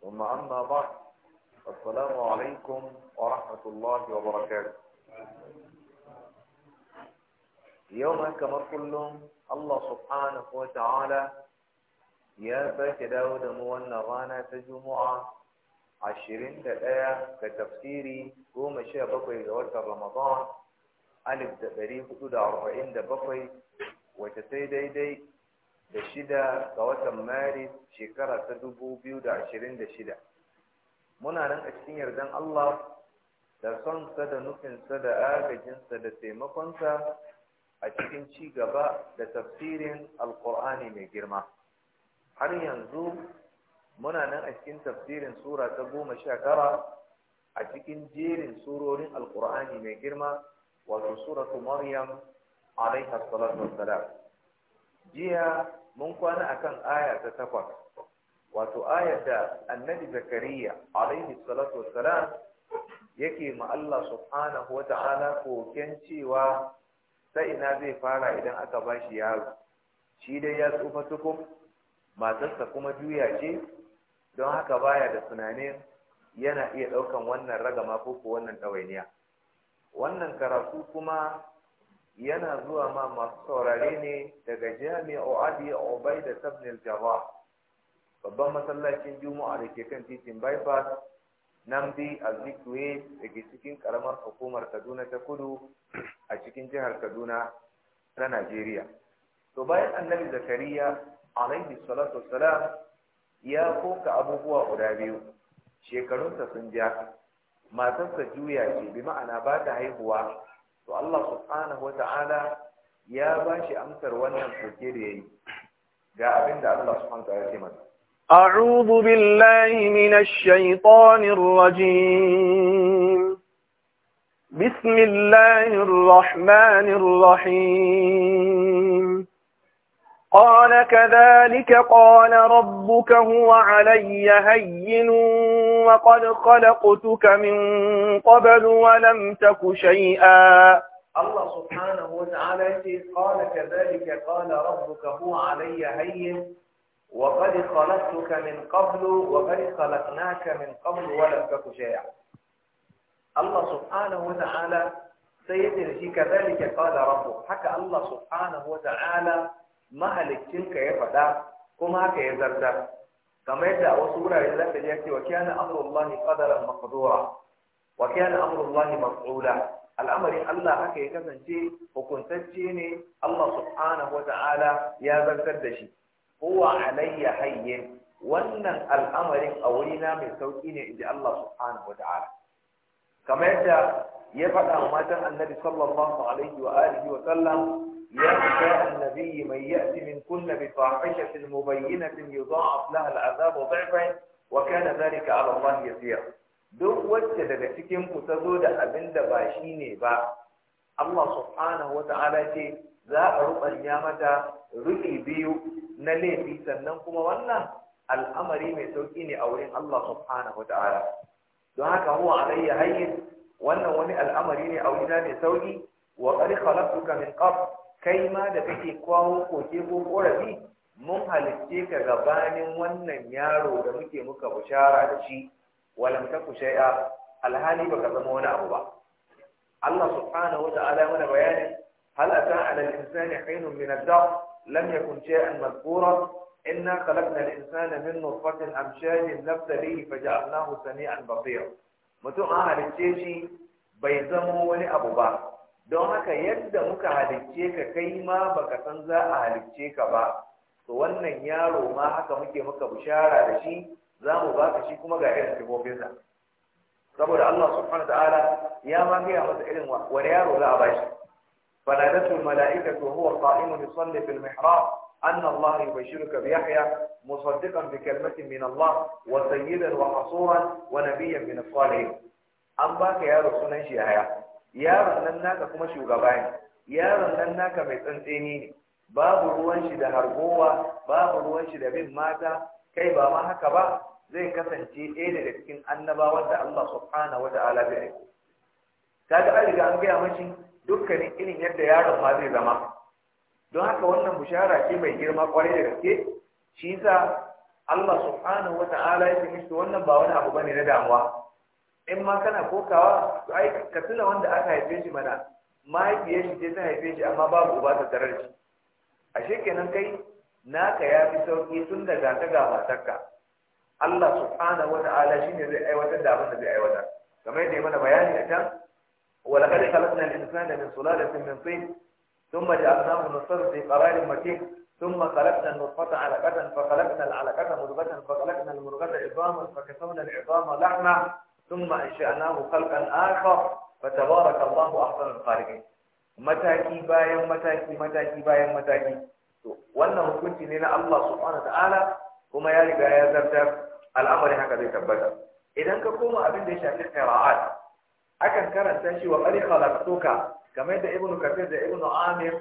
ثم أما بعد السلام عليكم ورحمة الله وبركاته يوم كما كلهم الله سبحانه وتعالى يا بيت داود موانا غانا تجمع عشرين دقيقة كتفسيري قوم الشيء بقي جوات رمضان ألف دقريب قد أربعين دقيقة وتسيدي دي da shida ga watan maris shekara ta dubu biyu da ashirin da shida muna nan a cikin yardan allah da sonsa da nufinsa da agajinsa da taimakonsa a cikin ci gaba da tafsirin alkur'ani mai girma har yanzu muna nan a cikin tafsirin sura ta goma sha tara a cikin jerin surorin alkur'ani mai girma wato suratu maryam alaiha salatu wassalam jiya mun kwana akan aya ta takwas wato ayar da annabi zakariya alaihi salatu wassalam yake ma Allah subhanahu wa ta'ala koken cewa ta ina zai fara idan aka ba shi yaro shi dai ya tsufa tukun matarsa kuma juya ce don haka baya da tunanin yana iya ɗaukan wannan ragama ko ko wannan ɗawainiya wannan karatu kuma yana zuwa ma masu saurare ne daga jami'u abi obai da tabnil jawa babban masallacin juma'a da ke kan titin bypass namdi azikwe da ke cikin karamar hukumar kaduna ta kudu a cikin jihar kaduna ta najeriya to bayan annabi zakariya alaihi salatu wassalam ya koka abubuwa guda biyu shekarunsa sun ja matarsa juya ce bi ma'ana ba ta haihuwa to Allah subhanahu wata'ala ya ba shi amsar wannan koke da yayi ga abin da Allah subhanahu wata'ala ya ce masa a'udhu billahi minash shaitanir rajim bismillahir rahmanir rahim قال كذلك قال ربك هو علي هين وقد خلقتك من قبل ولم تك شيئا الله سبحانه وتعالى قال كذلك قال ربك هو علي هين وقد خلقتك من قبل وقد خلقناك من قبل ولم تك شيئا الله سبحانه وتعالى سيدنا كذلك قال ربك حكى الله سبحانه وتعالى mahalicinka ya faɗa kuma haka ya zartar. kamar yadda a wasu wurare za ka ji ya ce wa kana amrullahi qadaran maqdura wa kana amrullahi maf'ula al'amarin Allah haka ya kasance hukuntacce ne Allah subhanahu wa ta'ala ya zartar da shi huwa alayya hayyin wannan al'amarin a wurina mai sauki ne inji Allah subhanahu wa ta'ala kamar yadda ya faɗa wa matan annabi sallallahu alaihi wa alihi wa sallam يا نساء النبي من يأتي من كل بفاحشة مبينة يضاعف لها العذاب ضعفين وكان ذلك على الله يسير duk wacce daga cikin ku ta zo da abin da ba shi ne ba Allah subhanahu wa ta'ala ce za a ruɓanya mata ruɗi biyu na laifi sannan kuma wannan al'amari mai sauƙi ne a wurin Allah subhanahu wa ta'ala don haka huwa alayya hayyin wannan wani al'amari ne a wurina mai sauƙi wa qad khalaqtuka min qabl kai ma da kake kwawo koke ko korafi mun halicce ka gabanin wannan yaro da muke muka bushara da shi walam taku shay'a alhali baka zama wani abu ba Allah subhanahu ta'ala mana bayani hal ata ala al-insani hinun min ad-dahr lam yakun shay'an madhkura inna khalaqna al-insana min nutfatin amshajin nabtalihi faja'alnahu sami'an basira mutum an halicce shi bai zama wani abu ba don haka yadda muka halicce ka kai ma baka san za a halicce ka ba to wannan yaro ma haka muke maka bishara da shi za mu ka shi kuma ga irin sifofinsa saboda Allah subhanahu ta'ala ya ma gaya masa irin wani yaro za a bashi فنادته الملائكة وهو قائم يصلي في المحراب أن الله يبشرك بيحيى مصدقا بكلمة من الله وسيدا وحصورا ونبيا من الصالحين أم باك يا رسول الله yaron nan naka kuma shugaba ne yaron nan naka mai tsantseni ne babu ruwan shi da hargowa babu ruwan shi da bin mata kai ba ma haka ba zai kasance ɗaya daga cikin annabawan da Allah subhanahu wata'ala zai aiko kaga an riga an gaya mashi dukkanin irin yadda yaron ma zai zama don haka wannan bushara ce mai girma kwarai da gaske shi yasa Allah subhanahu wata'ala ya mishi wannan ba wani abu bane na damuwa in ma kana kokawa to ai ka tuna wanda aka haife shi mana Mahaifiye shi ce ta haife shi amma babu ba ta tarar shi ashe kenan kai naka ya fi sauki tun da ta ga matarka Allah subhanahu wata'ala shine zai aiwatar da abin da zai aiwatar kamar yadda ya mana bayani a can wa laqad khalaqna al-insana min sulalatin min tin thumma ja'alnahu nutfatan fi qararin makin ثم خلقنا النطفة علقة فخلقنا العلقة مضغة فخلقنا المضغة عظاما فكسونا العظام لحما ثم أنشأناه خلقا آخر فتبارك الله أحسن الخالقين mataki bayan mataki mataki bayan mataki wannan hukunci ne na Allah subhanahu ta'ala kuma ya riga ya zartar al'amarin haka zai tabbata idan ka koma abin da ya shafi qira'at akan karanta shi wa qad khalaqtuka kamar da ibnu kafir da ibnu amir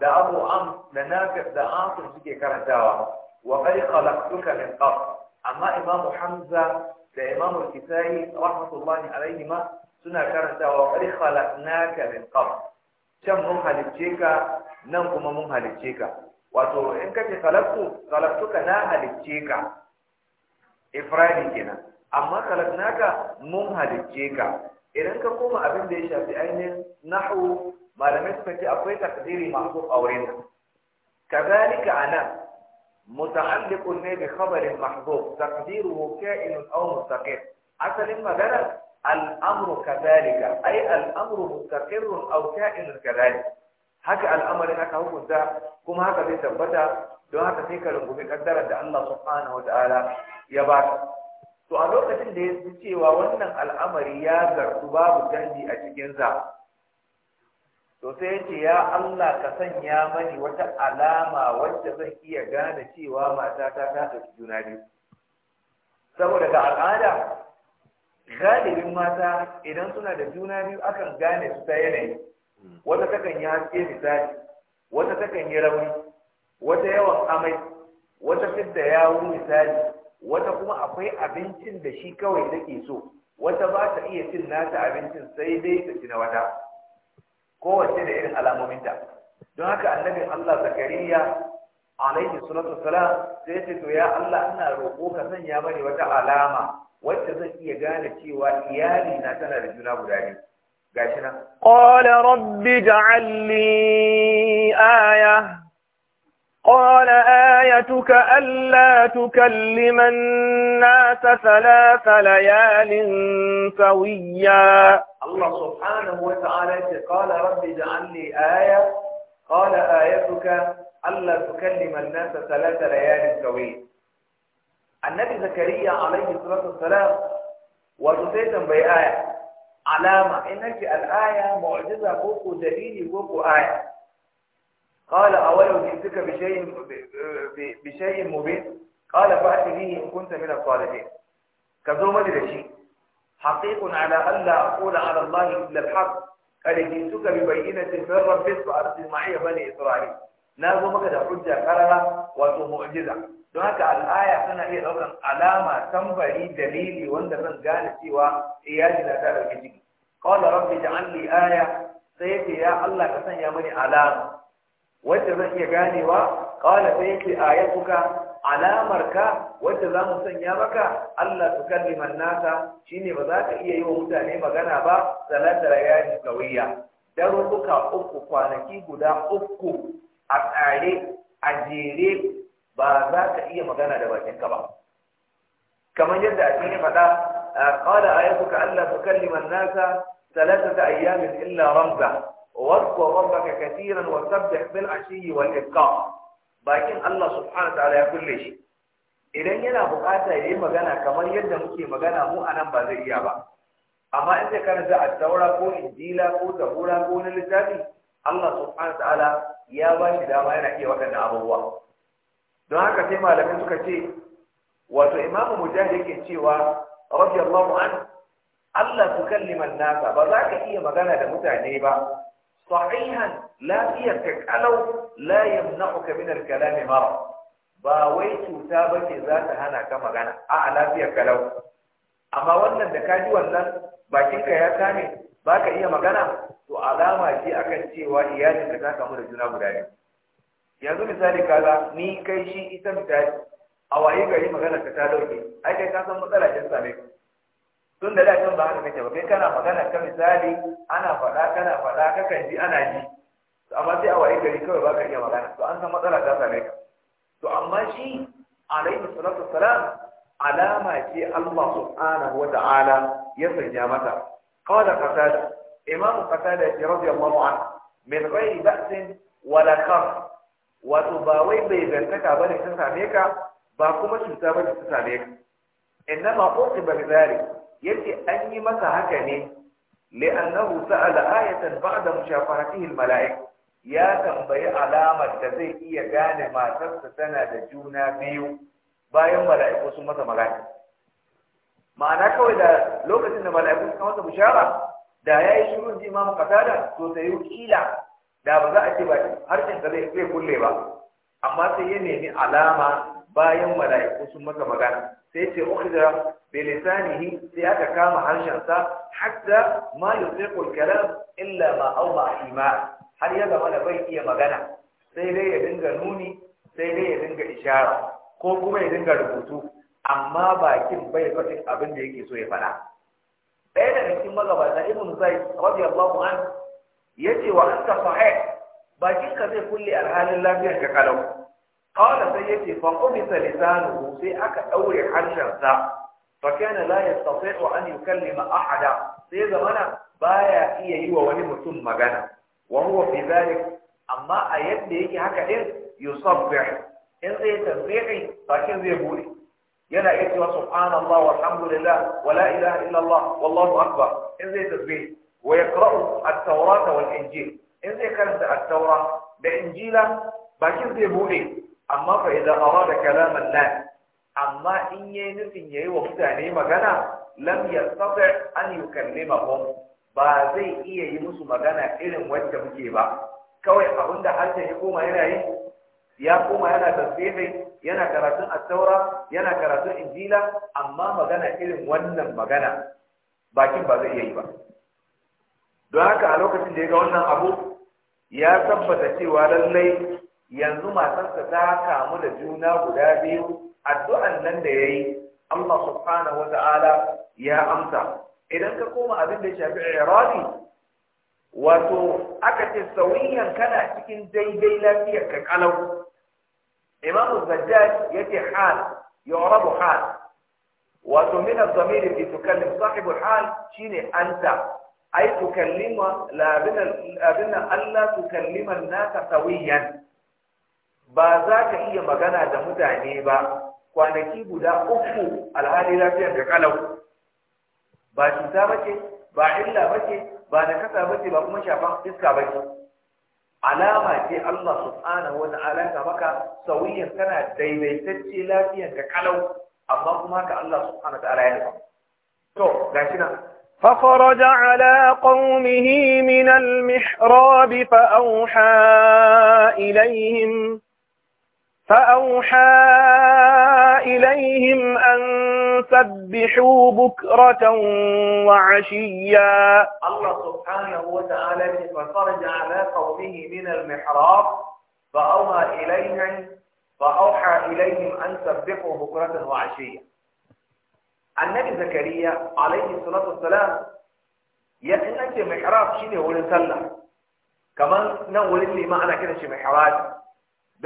da abu am da nafi da asim suke karantawa wa qad khalaqtuka min qabl amma imam hamza da imamu kisai rahmatullahi alaihi ma suna karanta wa qad khalaqnaka min qabl can mun halicce ka nan kuma mun halicce ka wato in ka ce khalaqtu khalaqtuka na halicce ka ifradi kenan amma khalaqnaka mun halicce ka idan ka koma abin da ya shafi ainihin nahwu malamai suka ce akwai takdiri masu auren kadalika anan متعلق ne bi khabarin mahdhuf taqdiruhu ka'in aw mustaqir asalin magana al'amru kadalika kadhalika ay al-amru mustaqir aw ka'in kadhalik haka al'amarin aka hukunta kuma haka zai tabbata don haka sai ka rungumi kaddarar da Allah subhanahu wataala ya ba to a lokacin da ya ji cewa wannan al'amari ya zartu babu canji a cikinsa to sai ya ce ya Allah ka sanya mani wata alama wacce zan iya gane cewa matata ta ɗauki juna biyu saboda ga al'ada galibin mata idan suna da juna biyu akan gane su ta yanayi wata takan yi haske misali wata takan yi rauni wata yawan amai wata da yawo misali wata kuma akwai abincin da shi kawai take so wata ba ta iya cin nata abincin sai dai ta ci na wata kowace da irin alamominta don haka annabi Allah zakariya alaihi salatu wasalam sai ce to ya Allah ina roƙo ka sanya mani wata alama wacce zan iya gane cewa iyali na tana da juna guda biyu gashi nan qala rabbi ja'al aya قال آيتك ألا تكلم الناس ثلاث ليال سويا الله سبحانه وتعالى قال رب اجعل لي آية قال آيتك ألا تكلم الناس ثلاث ليال سويا النبي زكريا عليه الصلاة والسلام وتسيتا بآية آية؟ علامة إنك الآية معجزة فوق دليل فوق آية قال أولو جئتك بشيء, بشيء مبين قال فأتي به إن كنت من الصالحين كذو مدر شيء حقيق على ألا أقول على الله إلا الحق قال جئتك ببينة من ربك فأرسل معي بني إسرائيل نازو مكدا حجة كررة ومعجزة don haka al'aya tana iya ɗaukar alama tambari dalili wanda zan gane cewa iyali na ta ɗauki ciki qala rabbi ja'al li aya sai yace ya Allah ka sanya mani alama wacce zan iya ganewa qala sai yake ayatuka alamarka wacce za mu sanya maka Allah su kalliman shi shine ba za ka iya yi wa mutane magana ba salata rayani kawiya daruruka uku kwanaki guda uku a tsare a jere ba za ka iya magana da bakinka ba kamar yadda a cikin faɗa qala ayatuka Allah tukalliman nasa salatata ayyamin illa ramza واذكر ربك كثيرا وسبح بالعشي والإبكار باkin Allah subhanahu wa ta'ala ya kulle shi idan yana bukata yi magana kamar yadda muke magana mu nan ba zai iya ba amma in zai za a taura ko injila ko zabura ko na littafi Allah subhanahu wa ta'ala ya ba shi dama yana iya waɗannan abubuwa don haka sai malamin suka ce wato Imam Mujahid yake cewa radiyallahu anhu Allah tukallima an-nasa ba za ka iya magana da mutane ba صحيحا لا فيك layin لا يمنعك من الكلام مرض ba wai cuta ba ce za ta hana ka magana a lafiyar kalau amma wannan da ka ji wannan bakinka ya kame ba ka iya magana to alama ce akan cewa iyalinka ta kamu da juna guda biyu yanzu misali kaza ni kai shi ita misali a waye gari magana ka ta dauke ai kai ka san matsala ta same tun da da kan ba haka kake ba kai kana magana ka misali ana faɗa kana faɗa kakan ji ana ji to amma sai a waye gari kawai ba ka iya magana to an san matsala ta same ka to amma shi alaihi salatu wassalam alama ce Allah subhanahu wa ta'ala ya sanya mata qala qatada imamu qatada ce radiyallahu anhu min ghairi ba'sin la khaf wato ba wai bai zantaka bane ta same ka ba kuma cuta bane ta same ka innama uqiba bi dhalik yace an yi masa haka ne li'annahu sa'ala ayatan ba'da mushafahatihi al-mala'ik ya tambayi alamar da zai iya gane matarsa tana da juna biyu bayan mala'iku sun masa magana ma'ana kawai da lokacin da mala'iku suka masa bishara da yayi shiru shirin ji imamu qatada to sai kila da ba za a ce ba harshen ka zai kulle ba amma sai ya nemi alama bayan mala'iku sun masa magana sai ce ukhida bi lisanihi sai aka kama harshen sa hatta ma yusiqu al-kalam illa ma awma ima har ya zama da bai iya magana sai dai ya dinga nuni sai dai ya dinga ishara ko kuma ya dinga rubutu amma bakin bai faɗin abin yake so ya faɗa ɗaya daga cikin magabata ibn zaid radiyallahu an yace wa anta sahih bakin zai kulle alhalin lafiyar ka kalau qala sai yake fa qumisa sai aka daure harshensa fa kana la yastati'u an yukallima ahada sai zamana ba ya iya yi wa wani mutum magana wa wafi fi zalik amma a yadda yake haka din yusabbih in zai tasbihi bakin zai buɗe. yana iya cewa subhanallah alhamdulillah wala ilaha illallah wallahu akbar in zai tasbihi wa yaqra'u at-taurata wal injil in zai karanta at-taura da injila bakin zai buɗe. amma fa idza arada kalaman nas amma in yayi nufin yayi wa mutane magana lam yastati an yukallimahum ba zai iya yi musu magana irin wacce muke ba kawai abinda harshe ya koma yana yi ya koma yana tasbihi yana karatun at-taura yana karatun injila amma magana irin wannan magana bakin ba zai iya yi ba don haka a lokacin da ya ga wannan abu ya tabbata cewa lallai yanzu matarsa ta kamu da juna guda biyu addu'an nan da yayi Allah subhanahu wa ta'ala ya amsa idan ka koma abin da shafi iradi wato aka ce sauyin kana cikin daidai lafiyar ka kalau imam zajjaj yake hal yu'rabu hal wato min az-zamir bi tukallim sahibu hal shine anta ay tukallima la bina abina alla tukallima an-nasa sawiyan ba za ka iya magana da mutane ba kwanaki guda uku alhali lafiyar da kalau ba cuta ba ce ba illa ba ce ba na kasa ba ce ba kuma shafan iska ba ce alama ce Allah subhanahu wa ta'ala ka maka sauyin kana daidaitacce lafiyar da kalau amma kuma ka Allah subhanahu wa ta'ala ya nufa to gashi nan فخرج على قومه من المحراب فأوحى إليهم فأوحى إليهم أن سبحوا بكرة وعشيا الله سبحانه وتعالى فخرج على قومه من المحراب فأوحى إليهم فأوحى إليهم أن سبحوا بكرة وعشيا النبي زكريا عليه الصلاة والسلام يا محراب شنو ولسلم كمان نقول لي معنى كده شي محراب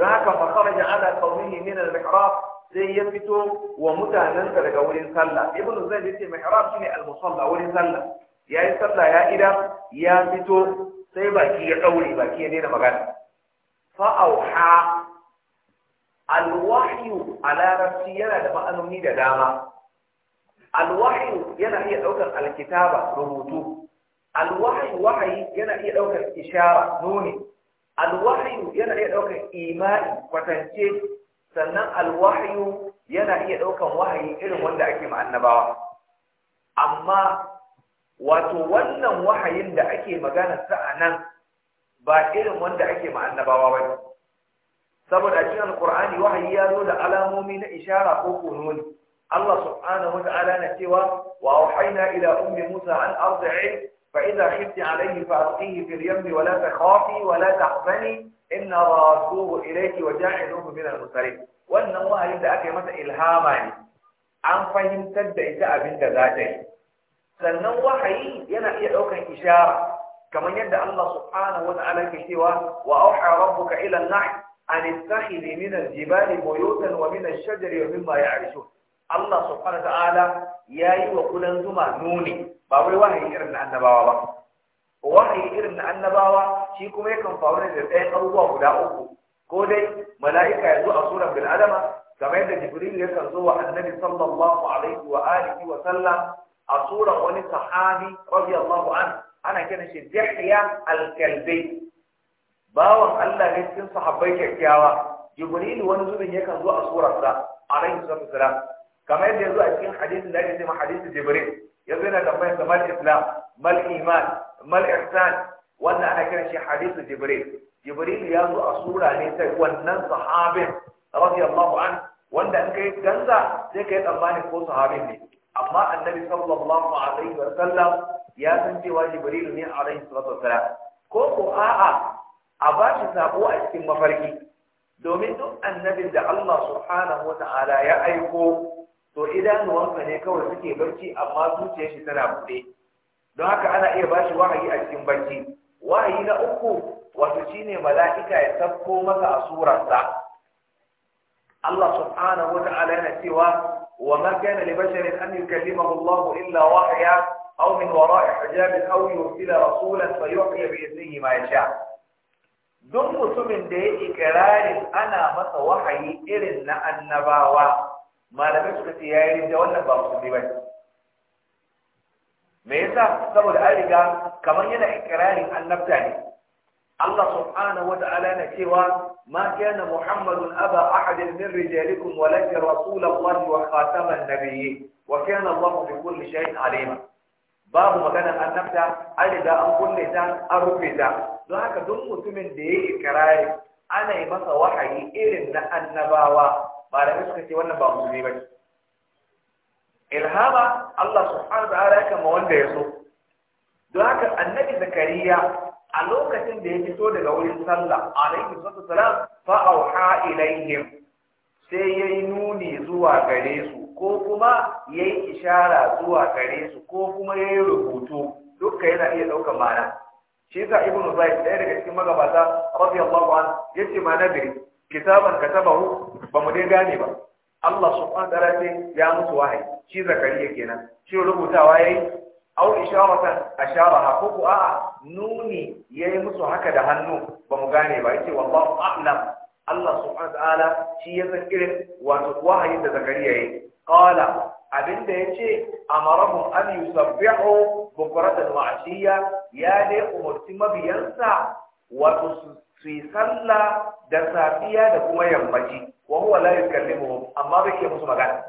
هكا فخرج على قومه من المحراب زي يبتو ومتهنن كذلك أولي صلى ابن زيد يتي محراب شني المصلى أولي صلى يا صلى يا إله يا بتو سيبا كي قولي با كي نينا مغان فأوحى الوحي على نفسي أنا يلا أنا نميد داما الوحي أنا هي دوكا الكتابة رموتو الوحي وحي أنا هي دوكا الإشارة نوني alwahyu yana iya ɗaukan imani kwatance sannan alwahyu yana iya ɗaukan wahayi irin wanda ake ma amma wato wannan wahayin da ake magana sa a nan ba irin wanda ake ma ba ne saboda cikin alkur'ani wahayi ya zo da alamomi na ishara ko kununi Allah subhanahu wa ta'ala na cewa wa ila ummi Musa an arda'i فإذا خفت عليه فألقيه في اليم ولا تخافي ولا تحزني إن رادوه إليك وجاعلوه من المرسلين وأن الله يبدأ أكي مثلا إلهاما an fahimtar da ita abin da za ta yi sannan wahayi yana iya ɗaukan ishara kamar yadda Allah subhanahu wa ta'ala ke cewa wa auha rabbuka ila an-nahl an ittakhidhi min al-jibali buyutan wa min ash-shajari wa mimma ya'rishun Allah subhanahu ta'ala yayi wa kulan zuma nuni ba wai wahayi irin na annabawa ba wahayi irin na annabawa shi kuma yakan faru da ɗayan abubuwa guda uku ko dai mala'ika ya zo a suran bin' adama kamar yadda jibril yakan zo wa annabi sallallahu alaihi wa alihi wa sallam a suran wani sahabi radiyallahu an ana kiran shi Dihya al-Kalbi bawan Allah ne cikin sahabbai kyakkyawa Jibril wani zubin yakan zo a surarsa alaihi salatu wasalam kamar yadda yanzu a cikin hadisin da ake yake hadisin jibril yanzu yana tambayar sa mal islam mal iman mal ihsan wannan ana kiran shi hadisin jibril jibril ya zo a sura ne ta wannan sahabin radiyallahu an wanda in kai ganza sai kai tsammani ko sahabin ne amma annabi sallallahu alaihi wa sallam ya san cewa jibril ne alaihi salatu wasalam ko ko a'a a ba shi sabo a cikin mafarki domin duk annabin da Allah subhanahu wa ta'ala ya aiko to idanuwansa ne kawai suke barci amma zuciyar shi tana buɗe don haka ana iya ba shi wahayi a cikin barci wahayi na uku wato shine mala'ika ya sabko masa a surarsa Allah subhanahu wa ta'ala yana cewa وما كان لبشر أن يكلمه الله إلا وحيا أو من وراء حجاب أو يرسل رسولا فيحيي بإذنه ما yasha. duk mutumin da ya ikirarin ana masa wahayi irin na annabawa malamai suka ce ya yi da wannan ba musulmi ba me yasa saboda an riga kamar yana ikirarin annabta ne Allah subhanahu wa ta'ala na cewa ma kana Muhammadun aba ahadin min rijalikum walakin rasulullahi wa khataman nabiyyi wa kana Allah bi kulli shay'in alima babu maganar annabta an riga an kulle ta an rufe ta don haka duk mutumin da yayi yi ikirari ana yi masa wahayi irin na annabawa malamai suka ce wannan ba musulmi ba ilhama Allah subhanahu wa ta'ala ya kama wanda ya so don haka annabi zakariya a lokacin da ya fito daga wurin sallah alaihi sassa salam fa auha ilaihim sai yayi nuni zuwa gare su ko kuma yayi ishara zuwa gare su ko kuma yayi rubutu duka yana iya daukar ma'ana shi za ibnu zaid ɗaya daga cikin magabata radiyallahu anhu yace ma nadri kitaban katabahu ba mu dai gane ba Allah subhanahu wa ta'ala ya musu wahayi shi zakariya kenan shi rubutawa yayi aw isharatan asharaha ko ku a'a nuni yayi musu haka da hannu ba mu gane ba yace wallahu a'lam Allah subhanahu wa ta'ala shi ya san irin wato wahayi da zakariya yayi qala abinda yace amarahum an yusabbihu bukratan wa ashiya ya dai umurti mabiyansa wato su su yi sallah da safiya da kuma yammaci wa huwa la yukallimu amma bai ke musu magana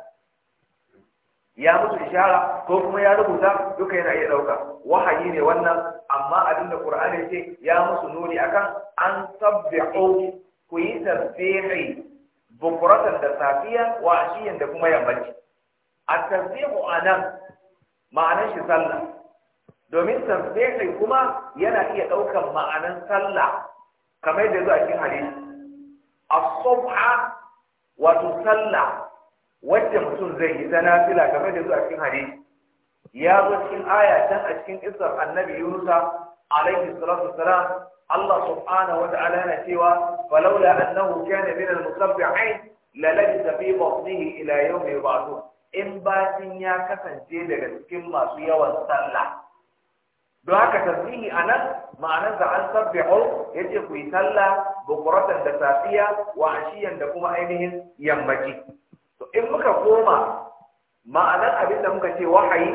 ya musu ishara ko kuma ya rubuta duka yana iya dauka wahayi ne wannan amma abin da qur'ani ce ya musu nuni akan an sabbihu ku yi tasbihi bukuratan da safiya wa ashiyan da kuma yammaci at-tasbihu anan ma'anar shi sallah domin tasbihi kuma yana iya daukan ma'anar sallah kamar yadda zuwa cikin hadisi a subha wato sallah wacce mutum zai yi ta nafila kamar yadda zuwa cikin hadisi ya zo cikin aya can a cikin isar annabi yunusa alaihi salatu salam. Allah subhanahu wa ta'ala yana cewa falawla annahu kana min al-musabbihin la labisa fi batnihi ila yawmi yub'athun in batin ya kasance daga cikin masu yawan sallah don haka tasbihi anan ma'anar da an sabbihu yace ku yi sallah bukuratan da safiya wa ashiyan da kuma ainihin yammaci to in muka koma ma'anar abin da muka ce wahayi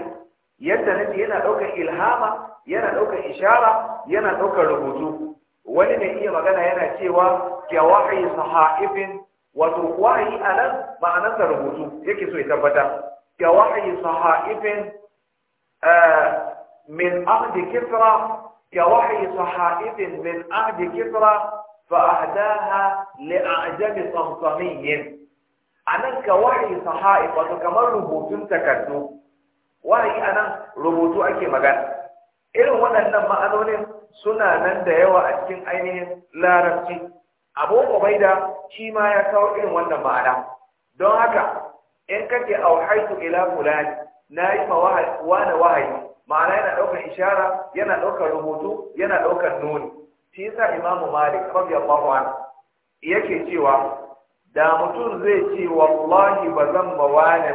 yadda nace yana daukar ilhama yana daukar ishara yana daukar rubutu wani mai iya magana yana cewa ya wahayi sahaifin wato wahayi anan da rubutu yake so ya tabbata ya wahayi sahaifin eh, من عهد كسرى كوحي صحائف من عهد كسرى فأهداها لأعجم صمصمي أنا كوحي صحائف وكما ربوت تكتو وهي أنا ربوت أكي مغان irin waɗannan ma'anonin suna nan da yawa a cikin ainihin larabci abu ubaida shi ma ya kawo irin wannan ma'ana don haka in kake auhaitu ila fulani na yi ma wahayi ma'ana yana ɗaukar ishara yana ɗaukar rubutu yana ɗaukar nuni shi yasa imamu malik radiyallahu anhu yake cewa da mutum zai ce wallahi ba zan ba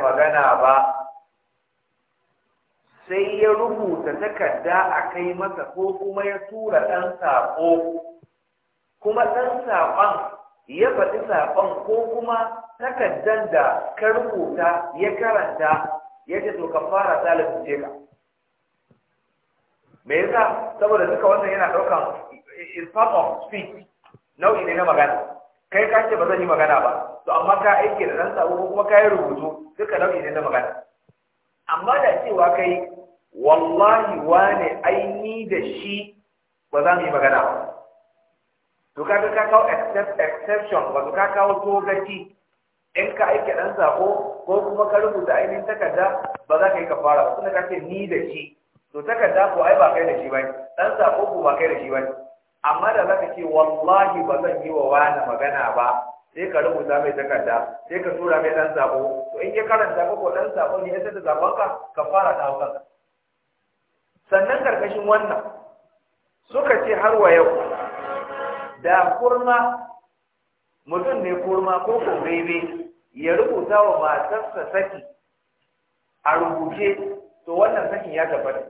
magana ba sai ya rubuta takarda a kai masa ko kuma ya tura ɗan saƙo kuma ɗan saƙon ya faɗi saƙon ko kuma takardar da ka rubuta ya karanta ya ce to ka fara talibin ce ka me yasa saboda duka wannan yana ɗaukan is part of speech nau'i ne na magana kai ka ce ba zan yi magana ba to amma ka aike da ɗan sabo ko kuma ka yi rubutu duka nau'i ne na magana amma da cewa kai wallahi wane aini da shi ba za mu yi magana ba to ka ka kawo exception ba ka kawo togaci in ka aike ɗan sako ko kuma ka rubuta ainihin takarda ba za ka yi ka fara ba tunda ka ce ni da shi to takarda ko ai ba kai da shi bane dan sako ko ba kai da shi bane amma da zaka ce wallahi ba zan yi wa wani magana ba sai ka rubuta mai takarda sai ka tura mai dan sako to in ya karanta ko dan sako ne sai da zabanka ka fara da kanka sannan karkashin wannan suka ce har wa yau da kurma mutum ne kurma ko ko bebe ya rubuta wa matarsa saki a rubuce to wannan sakin ya tabbata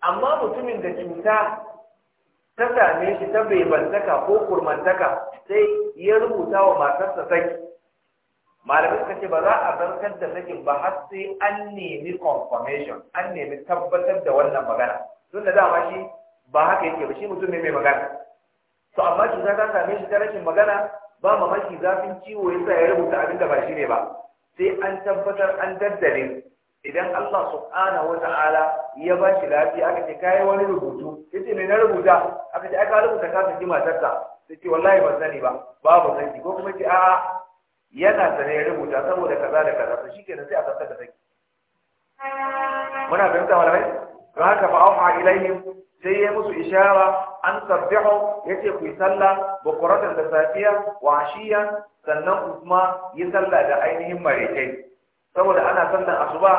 amma mutumin da cuta ta same shi ta bebantaka ko kurmantaka sai ya rubuta wa matarsa saki malamai suka ce ba za a zarkar da sakin ba har sai an nemi confirmation an nemi tabbatar da wannan magana tun da dama shi ba haka yake ba shi mutum ne mai magana to amma cuta ta same shi ta rashin magana ba mamaki zafin ciwo yasa ya rubuta abin da ba shi ne ba sai an tabbatar an daddare idan Allah subhanahu wa ta'ala ya ba shi lafiya aka ce kai wani rubutu yace me na rubuta aka ce aka rubuta ka saki matarka sai ce wallahi ban sani ba babu sani ko kuma ce a'a yana sane ya rubuta saboda kaza da kaza to shikenan sai a tsaka da saki muna fahimta malamai don haka fa auha ilaihim sai ya musu ishara an sabbihu yace ku yi sallah bukuratan da safiya wa sannan kuma yi sallah da ainihin maraikai saboda ana sallar asuba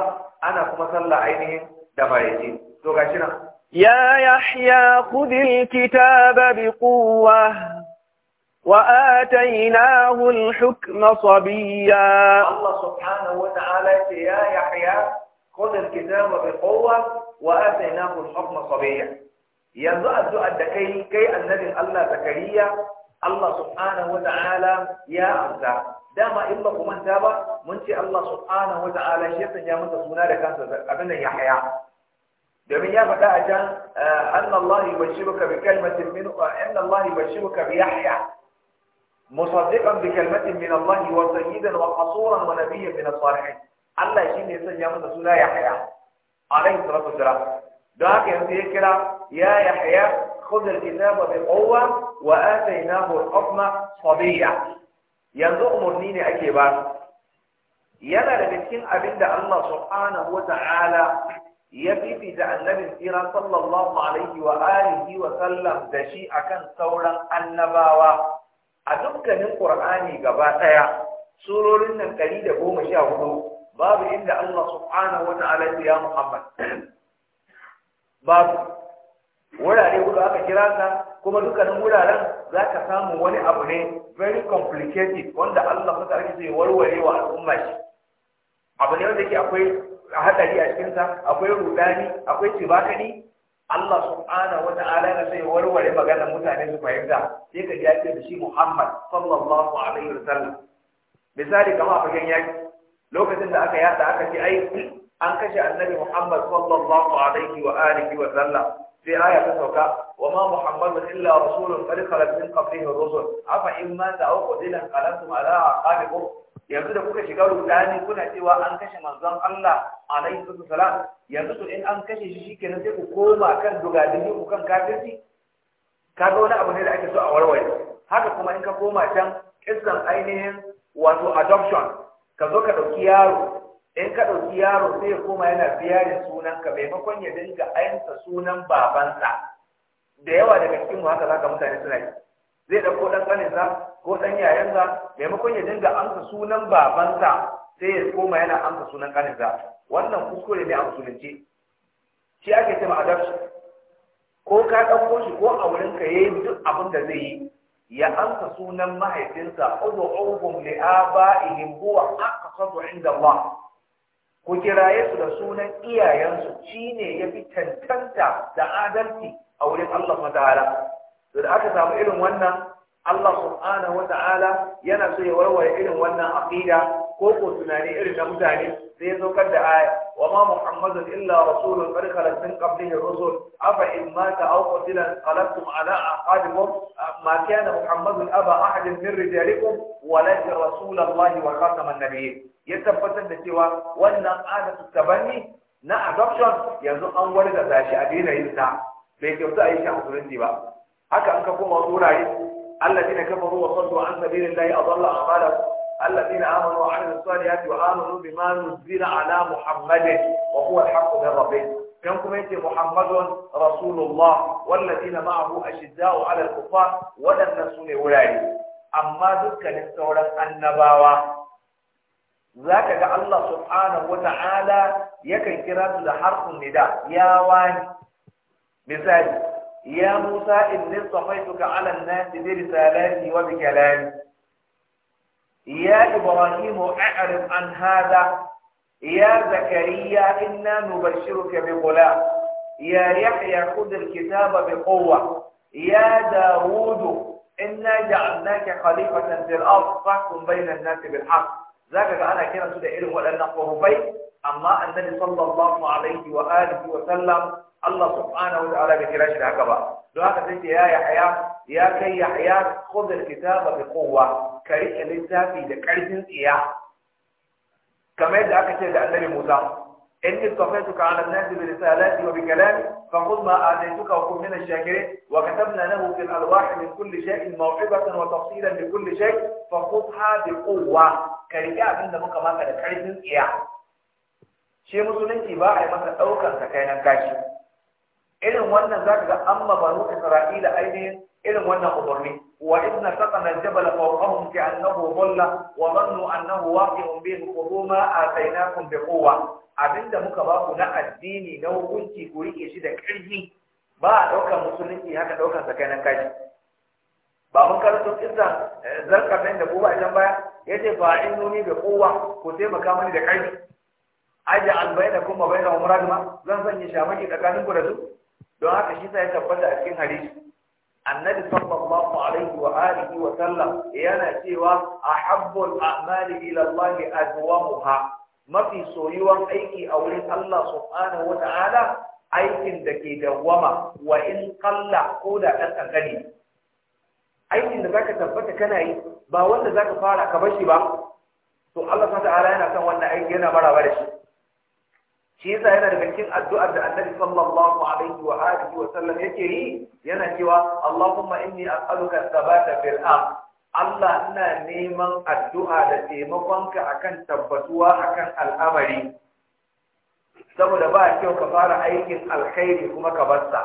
ana kuma sallar ainihin da bayyaci to gashi nan ya yahya khudil kitaba biquwa wa atainahu al-hukma sabiyya Allah subhanahu wa ta'ala ya yahya khudil kitaba biquwa wa atainahu al-hukma sabiyya yanzu addu'ar da kai kai annabin Allah zakariya Allah subhanahu wa ta'ala ya amsa dama illa ba ku manta ba mun ce Allah subhanahu wa ta'ala shi ya sanya masa suna da kansa abin da Yahya domin ya faɗa a can anna Allah yubashiruka bi kalmatin min anna Allah yubashiruka bi Yahya musaddiqan bi kalmatin min Allah wa sayyidan wa qasuran wa nabiyyan min as-salihin Allah shi ne ya sanya masa suna Yahya alayhi salatu wassalam da haka yanzu ya kira ya Yahya خذ الكتاب بقوة وآتيناه الحكم صبيا yanzu umarni ne ake ba yana da cikin abin da Allah subhanahu wa ta'ala ya fifita annabin tsira sallallahu alaihi wa alihi wa sallam da shi akan sauran annabawa a dukkanin qur'ani gaba daya surorin nan hudu, babu inda Allah subhanahu wa ta'ala ya Muhammad babu wurare hudu aka kira ka kuma dukkanin wuraren za ka samu wani abu ne very complicated wanda Allah Ta rage zai warware wa al'umma shi abu ne wanda ke akwai hadari a cikin sa akwai rudani akwai tibakani Allah subhanahu wata'ala ya sai warware maganar mutane su fahimta sai ka ji ake da shi Muhammad sallallahu alaihi wasallam misali kamar a fagen yaki lokacin da aka yada aka ce ai an kashe annabi Muhammad sallallahu alaihi wa alihi wa sallam sai aya ta sauka wa ma Muhammadun illa rasulun qad khalat min qablihi rusul afa in ma ta'u qadilan qalatum ala aqabikum yanzu da kuka shiga rudani kuna cewa an kashe manzon Allah alaihi wasallam yanzu to in an kashe shi shikenan sai ku koma kan dugadin ku kan kafirci kaga wani abu ne da ake so a warware haka kuma in ka koma can kissan ainihin wato adoption ka zo ka dauki yaro in ka ɗauki yaro sai ya koma yana biyarin sunanka maimakon ya dinga ainsa sunan babansa da yawa daga cikin mu haka zaka mutane suna yi zai ɗauko ɗan ƙaninsa ko ɗan yayansa maimakon ya dinga amsa sunan babansa sai ya koma yana amsa sunan ƙaninsa wannan kuskure ne a musulunci shi ake cewa adoption ko ka ɗauko shi ko a wurin ka yayi duk abin da zai yi ya amsa sunan mahaifinsa ud'uhum li aba'ihim huwa aqsadu 'inda Allah ku kiraye su da sunan iyayensu shi ne ya fi tantanta da adalci a wurin Allah ta'ala to da aka samu irin wannan Allah subhanahu ta'ala yana so ya warware irin wannan aqida ko ko tunani irin na mutane sai ya saukar da aya wa ma muhammadun illa rasulun qad khalat min qablihi rusul afa in mata aw qutila qalabtum ala aqadikum ma kana muhammadun aba ahad min rijalikum walakin rasulullahi wa khataman nabiyyin ya tabbatar da cewa wannan adatu tabanni na adoption yanzu an wani da a daina sa bai kyautu a yi shi a musulunci ba haka an ka koma wurare Allah ne kafaru wa sallu an sabilillahi adalla a'malahum الذين آمنوا وعملوا الصالحات وآمنوا بما نزل على محمد وهو الحق من ربهم فينكم أنت محمد رسول الله والذين معه أشداء على الكفار ولن نسون أولئك أما ذكر نستورا النباوة ذاك الله سبحانه وتعالى يكن كراس لحرف النداء يا واني مثال يا موسى إني اصطفيتك على الناس برسالاتي وبكلامي يا إبراهيم أعرض عن هذا يا زكريا إنا نبشرك بغلام يا يحيى خذ الكتاب بقوة يا داوود إنا جعلناك خليفة في الأرض فاحكم بين الناس بالحق ذاك أنا كنا سيدة إلهم ولأن بيت amma annabi sallallahu alaihi wa alihi wa sallam Allah subhanahu wa ta'ala bai kira shi da haka ba don haka sai ya Yahya ya kai Yahya khudh al-kitaba bi quwwa ka rike littafi da karfin tsiya kamar yadda aka ce da annabi Musa inni istafaituka ala an-nas bi risalati wa bi kalami fa khudh ma ataytuka wa kun min ash-shakirin wa katabna lahu fil alwah min kulli shay'in maw'izatan wa tafsilan li kulli shay fa khudhha bi quwwa ka rike abinda muka maka da karfin tsiya shi musulunci ba a yi masa ɗaukar sa kai nan kashi irin wannan za ka ga an mabaru isra'ila ainihin irin wannan umarni wa idna saqana al-jabala fawqahum ka annahu dhalla wa dhannu annahu waqi'un bihim khuduma atainakum bi quwwa abinda muka ba ku na addini na hukunci ku rike shi da ƙarfi ba a ɗaukar musulunci haka ɗaukar sa kai nan kashi ba mun karanto kissa eh, zarkar nan da kowa idan baya yace fa innuni bi quwwa ku taimaka mani da ƙarfi Ajiye albayna kuma bayna umra ma zan sanya shamaki tsakaninku da su don haka shi sai tabbata a cikin hadisi annabi sallallahu alaihi wa alihi wa sallam yana cewa ahabbul a'mali ila Allah adwamuha mafi soyuwan aiki a wurin Allah subhanahu wa ta'ala aikin da ke dawwama wa in qalla ko da ɗan ƙanƙani. aikin da zaka tabbata kana yi ba wanda zaka fara ka bashi ba to Allah ta'ala yana son wannan aiki yana maraba da shi shi yasa yana daga cikin addu'ar da annabi sallallahu alaihi wa alihi wa sallam yake yi yana cewa Allahumma inni as'aluka thabata fil amr Allah ina neman addu'a da taimakonka akan tabbatuwa akan al'amari saboda ba kyau ka fara aikin alkhairi kuma ka barsa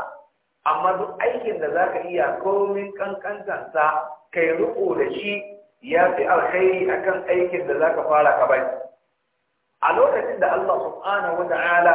amma duk aikin da zaka iya komin kankantansa kai riko da shi ya fi alkhairi akan aikin da zaka fara ka a lokacin da Allah subhanahu wa ta'ala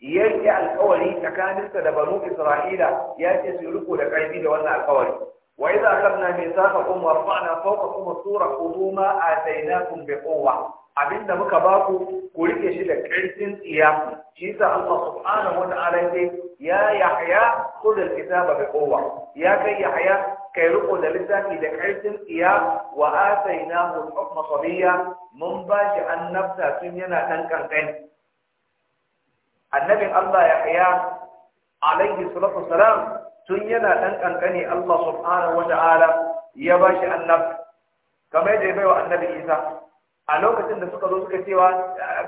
ya yi alkawari tsakaninsa da banu Isra'ila ya ce su riko da karfi da wannan alkawari wa idza akhadna mithaqakum wa rafa'na fawqakum sura khudhu ma ataynakum bi quwwa abinda muka ba ku ku rike shi da ƙarfin tsiya shi yasa Allah subhanahu wa ta'ala ya ya Yahya khudh al bi quwwa ya kai Yahya kai riko da littafi da ƙarfin tsiya wa atainahu al-hukma sabiyya mun ba shi annabta tun yana dan kankani annabin Allah ya Yahya alaihi salatu salam tun yana dan kankani Allah subhanahu wa ta'ala ya ba shi annabta kamar yadda ya baiwa annabi Isa a lokacin da suka zo suka cewa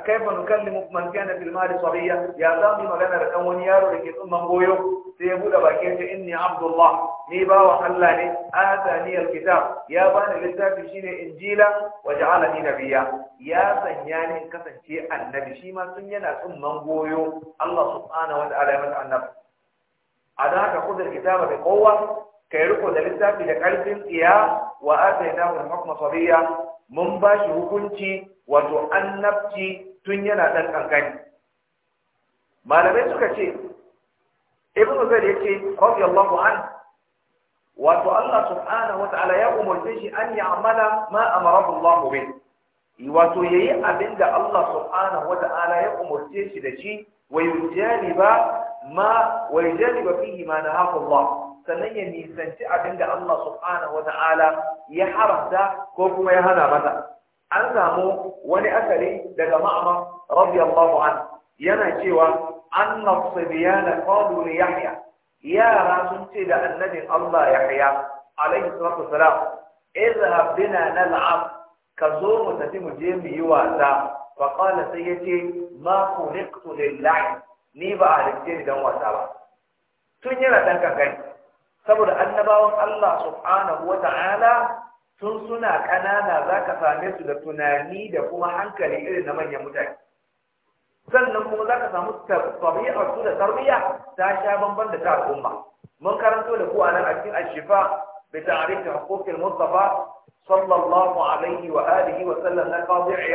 kaifa kalli man kana fil mali sabiya ya za mu magana da kan wani yaro da ke tsumman goyo sai ya bude baki ya ce inni abdullah ni bawan Allah ne atani alkitab ya bani littafi shine injila wa ja'alani nabiyya ya sanya ni kasance annabi shi ma sun yana tsumman goyo Allah subhanahu wa ta'ala ya annabi a da haka kudur kitaba bi kowa kai riko da littafi da karfin tsiya wa atainahu al-hukma sabiyya mun ba shi hukunci wato annabci tun yana dan kankani malamai suka ce ibnu zaid yace radiyallahu anhu wato Allah subhanahu wataala ya umarce shi an ya'mala ma amarahu Allah bi wato yayi abinda Allah subhanahu wataala ya umarce shi da shi wa yujaniba ma wa yujaniba fihi ma Allah sannan ya nisanci abinda Allah subhanahu wataala ya haramta ko kuma ya hana masa an samu wani asali daga ma'amar radiyallahu anhu yana cewa anna sibiyana qalu li yahya yara sun ce da annabin Allah ya haya alaihi salatu wasalam izhab bina nal'ab ka zo mu tafi mu je mu yi wasa fa qala sai yace ma khuliqtu lillahi ni ba a rike ni wasa ba tun yana dan kankani saboda annabawan Allah subhanahu wata'ala tun suna kanana zaka same su da tunani da kuma hankali irin na manyan mutane sannan kuma za ka samu tabi'ar su da tarbiyya ta sha bamban da ta al'umma mun karanto da ku a nan a cikin ashifa bi da huquqil mustafa sallallahu alaihi wa alihi wa sallam na qadi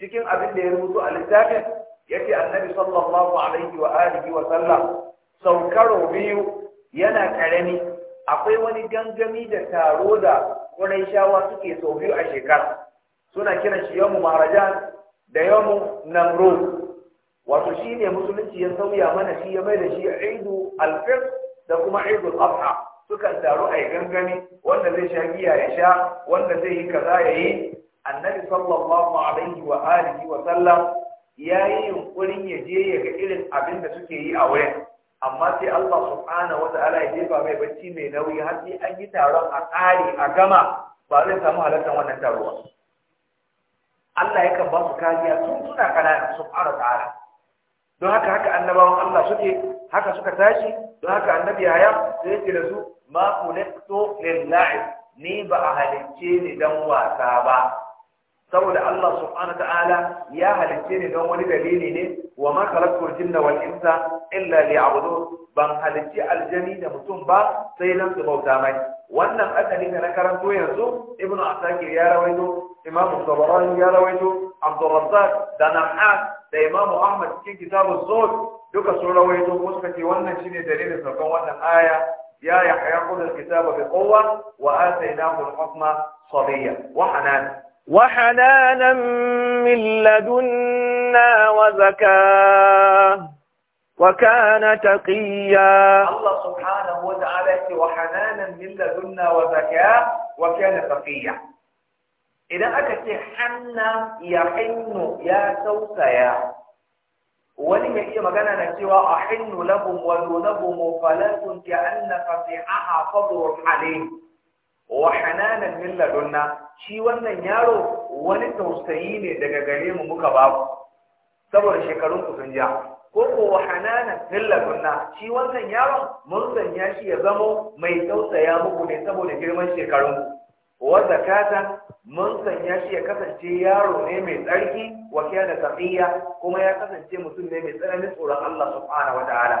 cikin abin da ya rubuto a littafin yace annabi sallallahu alaihi wa alihi wa sallam saukaro biyu yana karami akwai wani gangami da taro da shawa suke sau biyu a shekara suna kiran shi yawmu maharajan da yawmu namrud wato shi ne musulunci ya sauya mana shi ya mai da shi aidu alfir da kuma aidu al'afha sukan taru a yi gangami wanda zai sha giya ya sha wanda zai yi kaza ya yi annabi sallallahu alaihi wa alihi wa sallam ya yi yunkurin ya je ya ga irin abin da suke yi a wurin amma sai Allah subhanahu wa ta'ala ya jefa mai bacci mai nauyi har sai an yi taron a tsari a gama ba zai samu halartar wannan taruwa Allah yakan ba su kariya tun suna kanana subhanahu wa ta'ala don haka haka annabawan Allah suke haka suka tashi don haka annabi ya sai yake da su ma kulekto lil ni ba a halicce ni dan wasa ba saboda Allah subhanahu ta'ala ya halicce ni don wani dalili ne wa ma khalaqtul jinna wal insa illa liya'budun ban halicci aljani da mutum ba sai nan su bauta mai wannan asali da na karanto yanzu ibnu asakir ya rawaito imam tabarani ya rawaito abdurrazzaq da nahas da imam ahmad cikin kitabun zuhd duka sun rawaito ko suka ce wannan shine dalilin saukan wannan aya يا يحيى خذ الكتاب بقوة وآتيناه الحكم صبيا وحنانا وحنانا من لدنا وزكاه وكان تقيا الله سبحانه وتعالى وحنانا من لدنا وزكاه وكان تقيا إذا أكت حنا يحن يا توسيا يا ولم iya مكانا na أحن لهم hinnu فلا wa nunahum falatun ka annaka fi wa hananan min ladunna shi wannan yaro wani tausayi ne daga gare mu muka ba ku saboda shekarun ku sun ja ko ko wa hananan min ladunna shi wannan yaro mun sanya shi ya zamo mai tausaya muku ne saboda girman shekarun ku wa zakata mun sanya shi ya kasance yaro ne mai tsarki wa da taqiya kuma ya kasance mutum ne mai tsananin tsoron Allah subhanahu wa ta'ala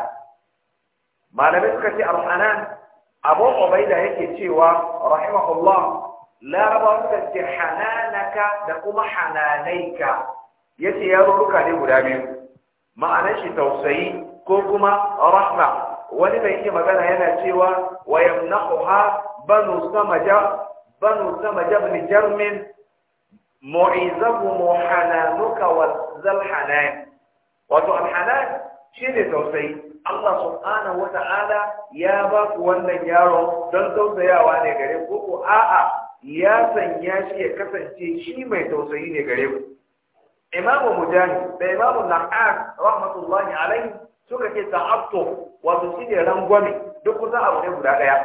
malamai suka ce al-hanan abu ubaida yake cewa rahimahullah laraba suka ce hananaka da kuma hananaika yace yarurruka ne guda biyu ma'anar shi tausayi ko kuma rahma wani mai yake magana yana cewa wa yamnahuha banu samaja banu samaja ibn jarmin mu'izahu hananuka wa zal wato al shi shine tausayi Allah subhanahu wa ta'ala ya ba ku wannan yaro don tausayawa ne gare ku ko a'a ya sanya shi ya kasance shi mai tausayi ne gare ku Imam Mujahid da Imamu Nahas rahmatullahi alaihi suka ce ta'attu wato shine rangwame duk kusa abu ne guda daya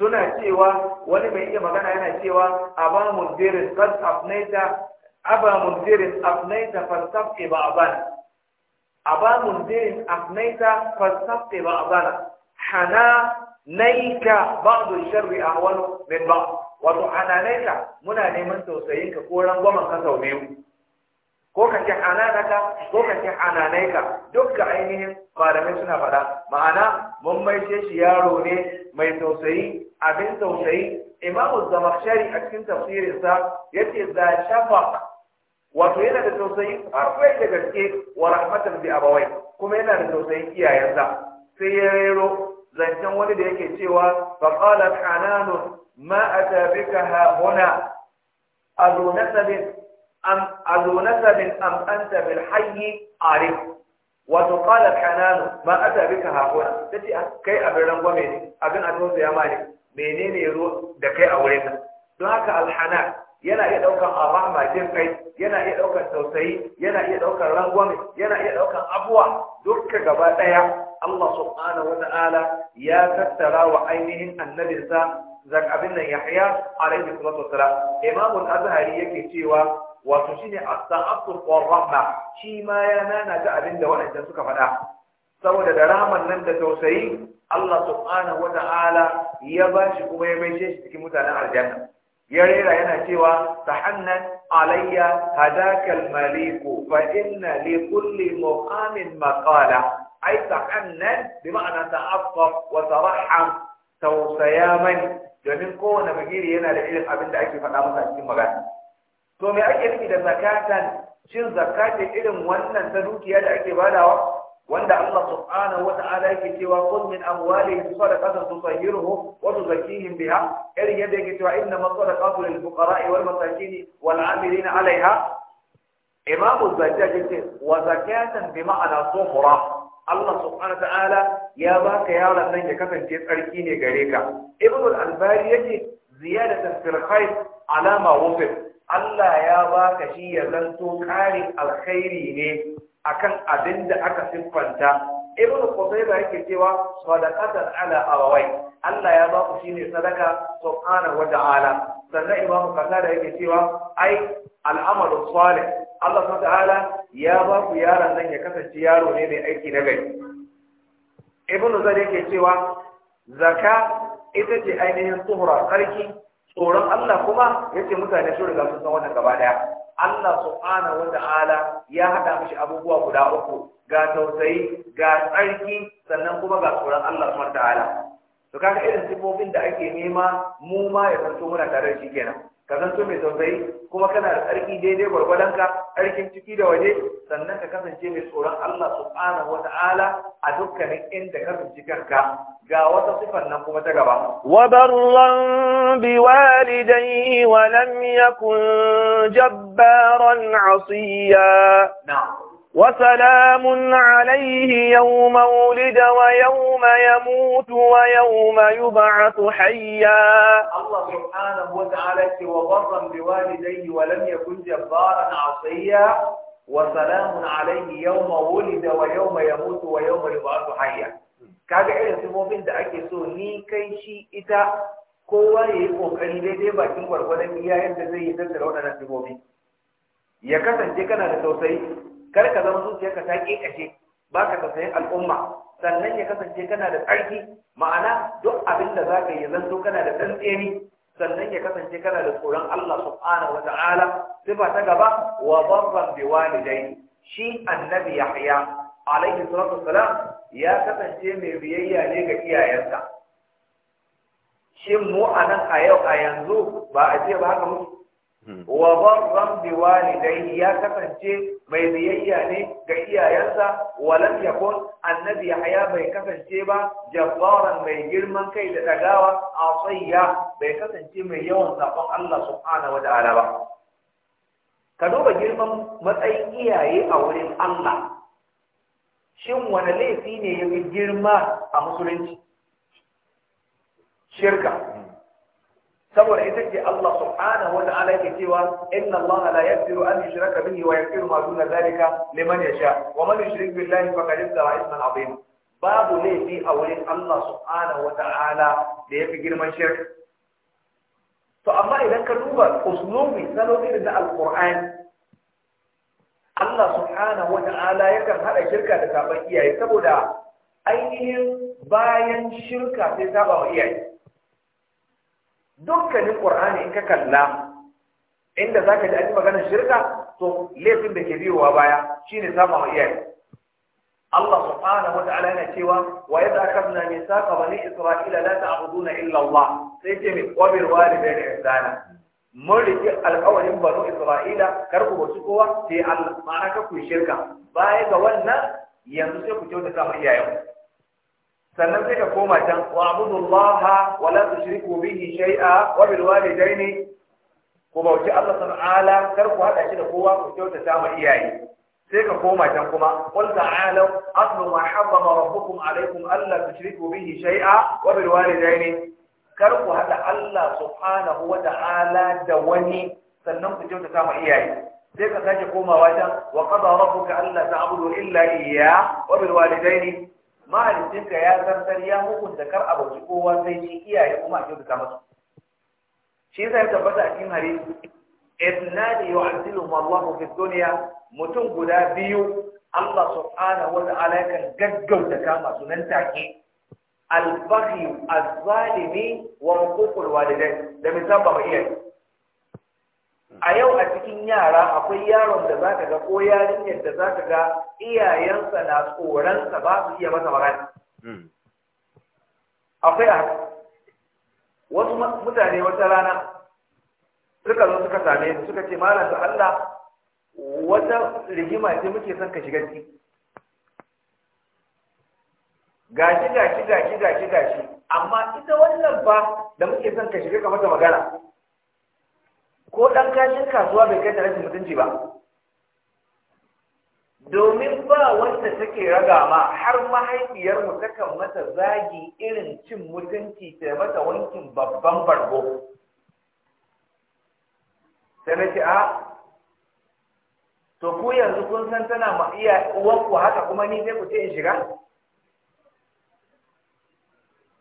suna cewa wani mai iya magana yana cewa aba mundirin qad afnaita aba mundirin afnaita ba'ban أبا منذر أفنيت Hana بعضنا حنانيك sharri الشر أهون من بعض wato naika muna neman tausayin ka ko rangwamen ka sau biyu ko ka ce naka, ko ka ce duk ga ainihin malamai suna faɗa ma'ana mun maishe shi yaro ne mai tausayi abin tausayi imamu zamakshari a cikin tafsirinsa yace za shafa. wato yana da tausayi akwai da gaske wa rahmatan bi abawai kuma yana da tausayin iyayensa sai ya rero zancen wani da yake cewa fa qala hananu ma atabika ha huna azu nasabin am anta bil hayy arif wato qala hananu ma atabika ha huna tace ah, kai birnin gome ne abin a tausaya mai menene ya zo da kai a wurin don haka alhanan yana iya ɗaukar arama jin kai yana iya ɗaukar tausayi yana iya ɗaukar rangwame yana iya ɗaukar abuwa dukka gaba ɗaya Allah subhanahu wa ta'ala ya tattara wa ainihin annabinsa zak abin nan Yahya alaihi salatu wassalam Imam azhari yake cewa wato shine as-sa'atu rahma shi ma ya nana ga abin da waɗanda suka faɗa saboda da rahman nan da tausayi Allah subhanahu wa ta'ala ya bashi kuma ya bai shi cikin mutanen aljanna ya rera yana cewa "Sahannan, alayya hadakal maliku fa inna li kulli muqamin maqala ay tahannan bi ma'ana ta'affaf wa tarahham tausaya mani domin kowane magiri yana da irin abin da ake faɗa masa cikin magana to me ake nufi da zakatan shin zakati irin wannan ta dukiya da ake badawa wanda Allah subhanahu wa ta'ala yake cewa kun min amwalihim sadaqatan tutahhiruhum wa tuzakkihim biha irin yadda yake cewa inna masadaqatu lil fuqara'i wal masakin wal 'amilin 'alayha imamu zajjaj yace wa zakatan bi ma'ana sufra Allah subhanahu wa ta'ala ya baka yaron nan ya kasance tsarki ne gare ka ibnul albari yace ziyadatan fil khair alama wufir Allah ya baka shi ya zanto ƙarin alkhairi ne kan abin da aka siffanta ibn qutayba yake cewa sadaqatan ala awai Allah ya ba ku shine sadaka subhanahu wa ta'ala sannan imam qatada yake cewa ai al'amalu salih Allah subhanahu wa ta'ala ya ba ku yaron nan ya kasance yaro ne mai aiki na gari ibn zayd yake cewa zaka ita ce ainihin tuhura sarki tsoron Allah kuma yace mutane su riga sun san wannan gaba daya Allah subhanahu wata'ala ya hada mishi abubuwa guda uku ga tausayi ga tsarki sannan kuma ga tsoron Allah subhanahu wata'ala to kaga irin sifofin da ake nema mu ma ya zanto muna tare da shi kenan ka zanto mai tausayi kuma kana da tsarki daidai ka tsarkin ciki da waje sannan ka kasance mai tsoron Allah subhanahu wata'ala a dukkanin inda ka tsinci kanka ga wata sifan nan kuma ta gaba wa barran bi walidayhi wa lam yakun jabbaran asiya na'am وسلام عليه يوم ولد ويوم يموت ويوم يبعث حيا الله سبحانه وتعالى وبرا بوالديه ولم يكن جبارا عصيا وسلام عليه يوم ولد ويوم يموت ويوم يبعث حيا kaga irin sifofin da ake so ni kai shi ita kowa ya yi kokari daidai bakin gwargwadon iya yadda zai yi tattara waɗannan sifofi ya kasance kana da tausayi kar ka zama ka ta kekace ba ka tausayin al'umma sannan ya kasance kana da tsarki ma'ana duk abin da za ka yi zanto kana da ɗan tsantseni sannan ya kasance kana da tsoron Allah subhanahu wa ta'ala sifa ta gaba wa barran bi walidai shi annabi Yahya alayhi salatu wassalam ya kasance mai biyayya ne ga iyayensa shin mu anan a yau a yanzu ba a ce ba haka muke Hmm. wa barran bi walidayhi ya kasance mai biyayya ne ga iyayensa walam yakun annabi yahya bai kasance ba jabbaran mai girman kai da dagawa asiya bai kasance mai yawan sabon Allah subhanahu wa ta'ala ba ka duba girman matsayin iyaye a wurin Allah shin wani laifi ne ya girma a musulunci shirka saboda ita ce Allah subhanahu wa ta'ala yake cewa inna Allah la yaghfiru an yushraka bihi wa yaghfiru ma duna zalika liman yasha wa man yushrik billahi faqad iftara isman azim babu laifi a wurin Allah subhanahu wa ta'ala da yafi girman shirka to amma idan ka duba uslubi salo irin na Allah subhanahu wa ta'ala yakan hada shirka da saban iyaye saboda ainihin bayan shirka sai saba wa iyaye dukkanin qur'ani in ka kalla inda zaka ji ake maganar shirka to laifin da ke biyowa baya shi sama ma iyaye Allah subhanahu wa ta'ala yana cewa wa yadda mai saka bani isra'ila la ta'buduna illa Allah sai ce mai qawir da ihsana mun rike alƙawarin bani isra'ila kar ku bauci kowa sai Allah ma'ana ka ku shirka baya ga wannan yanzu sai ku da ma iyayen sannan sai ka koma can wa abudullaha wa la tushriku bihi shay'a wa bil walidaini ku bauci Allah ta'ala kar ku hada shi da kowa ku kyautata ma iyaye sai ka koma can kuma qul ta'alu atlu ma harrama rabbukum alaykum alla tushriku bihi shay'a wa bil walidaini kar ku hada Allah subhanahu wa ta'ala da wani sannan ku kyautata ma iyaye sai ka sake komawa can wa qada rabbuka alla ta'budu illa iyyah wa bil walidaini mahaifinka ya zartar ya hukunta kar a bauci kowa sai ni iyaye kuma a kyautata masu shi yasa ya tabbata a cikin hadisi ibnani yu'azziluhum Allahu fid dunya mutum guda biyu Allah subhanahu wa ta'ala kan gaggauta kama su nan take al-baghi az-zalimi wa huququl walidain da misal ba iyaye a yau a cikin yara akwai yaron da za ka ga ko yarinyar da za ka ga iyayensa na tsoronsa ba su iya masa magana hmm. akwai haka wasu mutane wata rana suka zo suka same su suka ce malam su Allah wata rigima ce muke son ka shiga ciki gashi gashi gashi gashi gashi amma ita wannan fa da muke son ka shiga ka mata magana ko ɗan kashin kasuwa bai kai tare rashin mutunci ba domin ba wanda take raga ma har mahaifiyarmu takan mata zagi irin cin mutunci ta mata wankin babban bargo sai na ce a to ku yanzu kun san tana ma iya uwanku haka kuma ni sai ku ce in shiga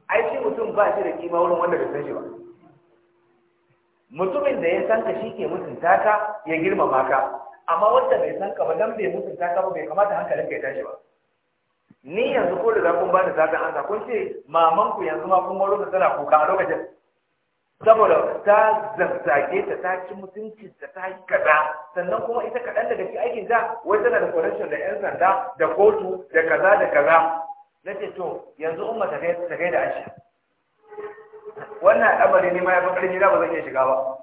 ai mutum ba shi da kima wurin wanda bai san shi ba mutumin da ya san ka shi ke mutunta ka ya girmama ka amma wanda bai san ka ba dan bai mutunta ka ba bai kamata hankalinka ya tashi ba ni yanzu ko da kun ba da zaɓin ansa kun ce maman ku yanzu ma kun waro da tana kuka a lokacin saboda ta zazzage ta ta ci mutunci ta ta yi kaza sannan kuma ita kaɗan daga cikin aikin ta wai tana da connection da 'yan sanda da kotu da kaza da kaza na ce to yanzu umma ta kai da ashi wannan al'amari ne ma ya fi ƙarfi ba zan iya shiga ba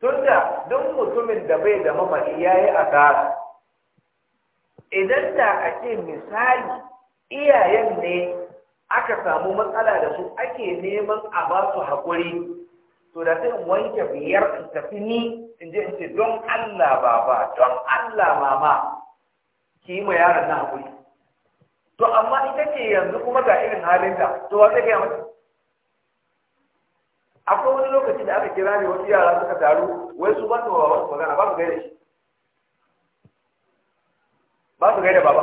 tunda duk mutumin da bai da mamaki ya yi asara idan ta a ce misali iyayen ne aka samu matsala da su ake neman a ba su haƙuri to da sai wanke biyar in tafi ni in je in ce don Allah baba don Allah mama ki yi ma yaron na haƙuri to amma ita ce yanzu kuma ga irin halinta to wa zai gaya mata akwai wani lokaci da aka kira ne wasu yara suka taru wai su ba su ba ba su magana ba su gaida shi ba su gaida baba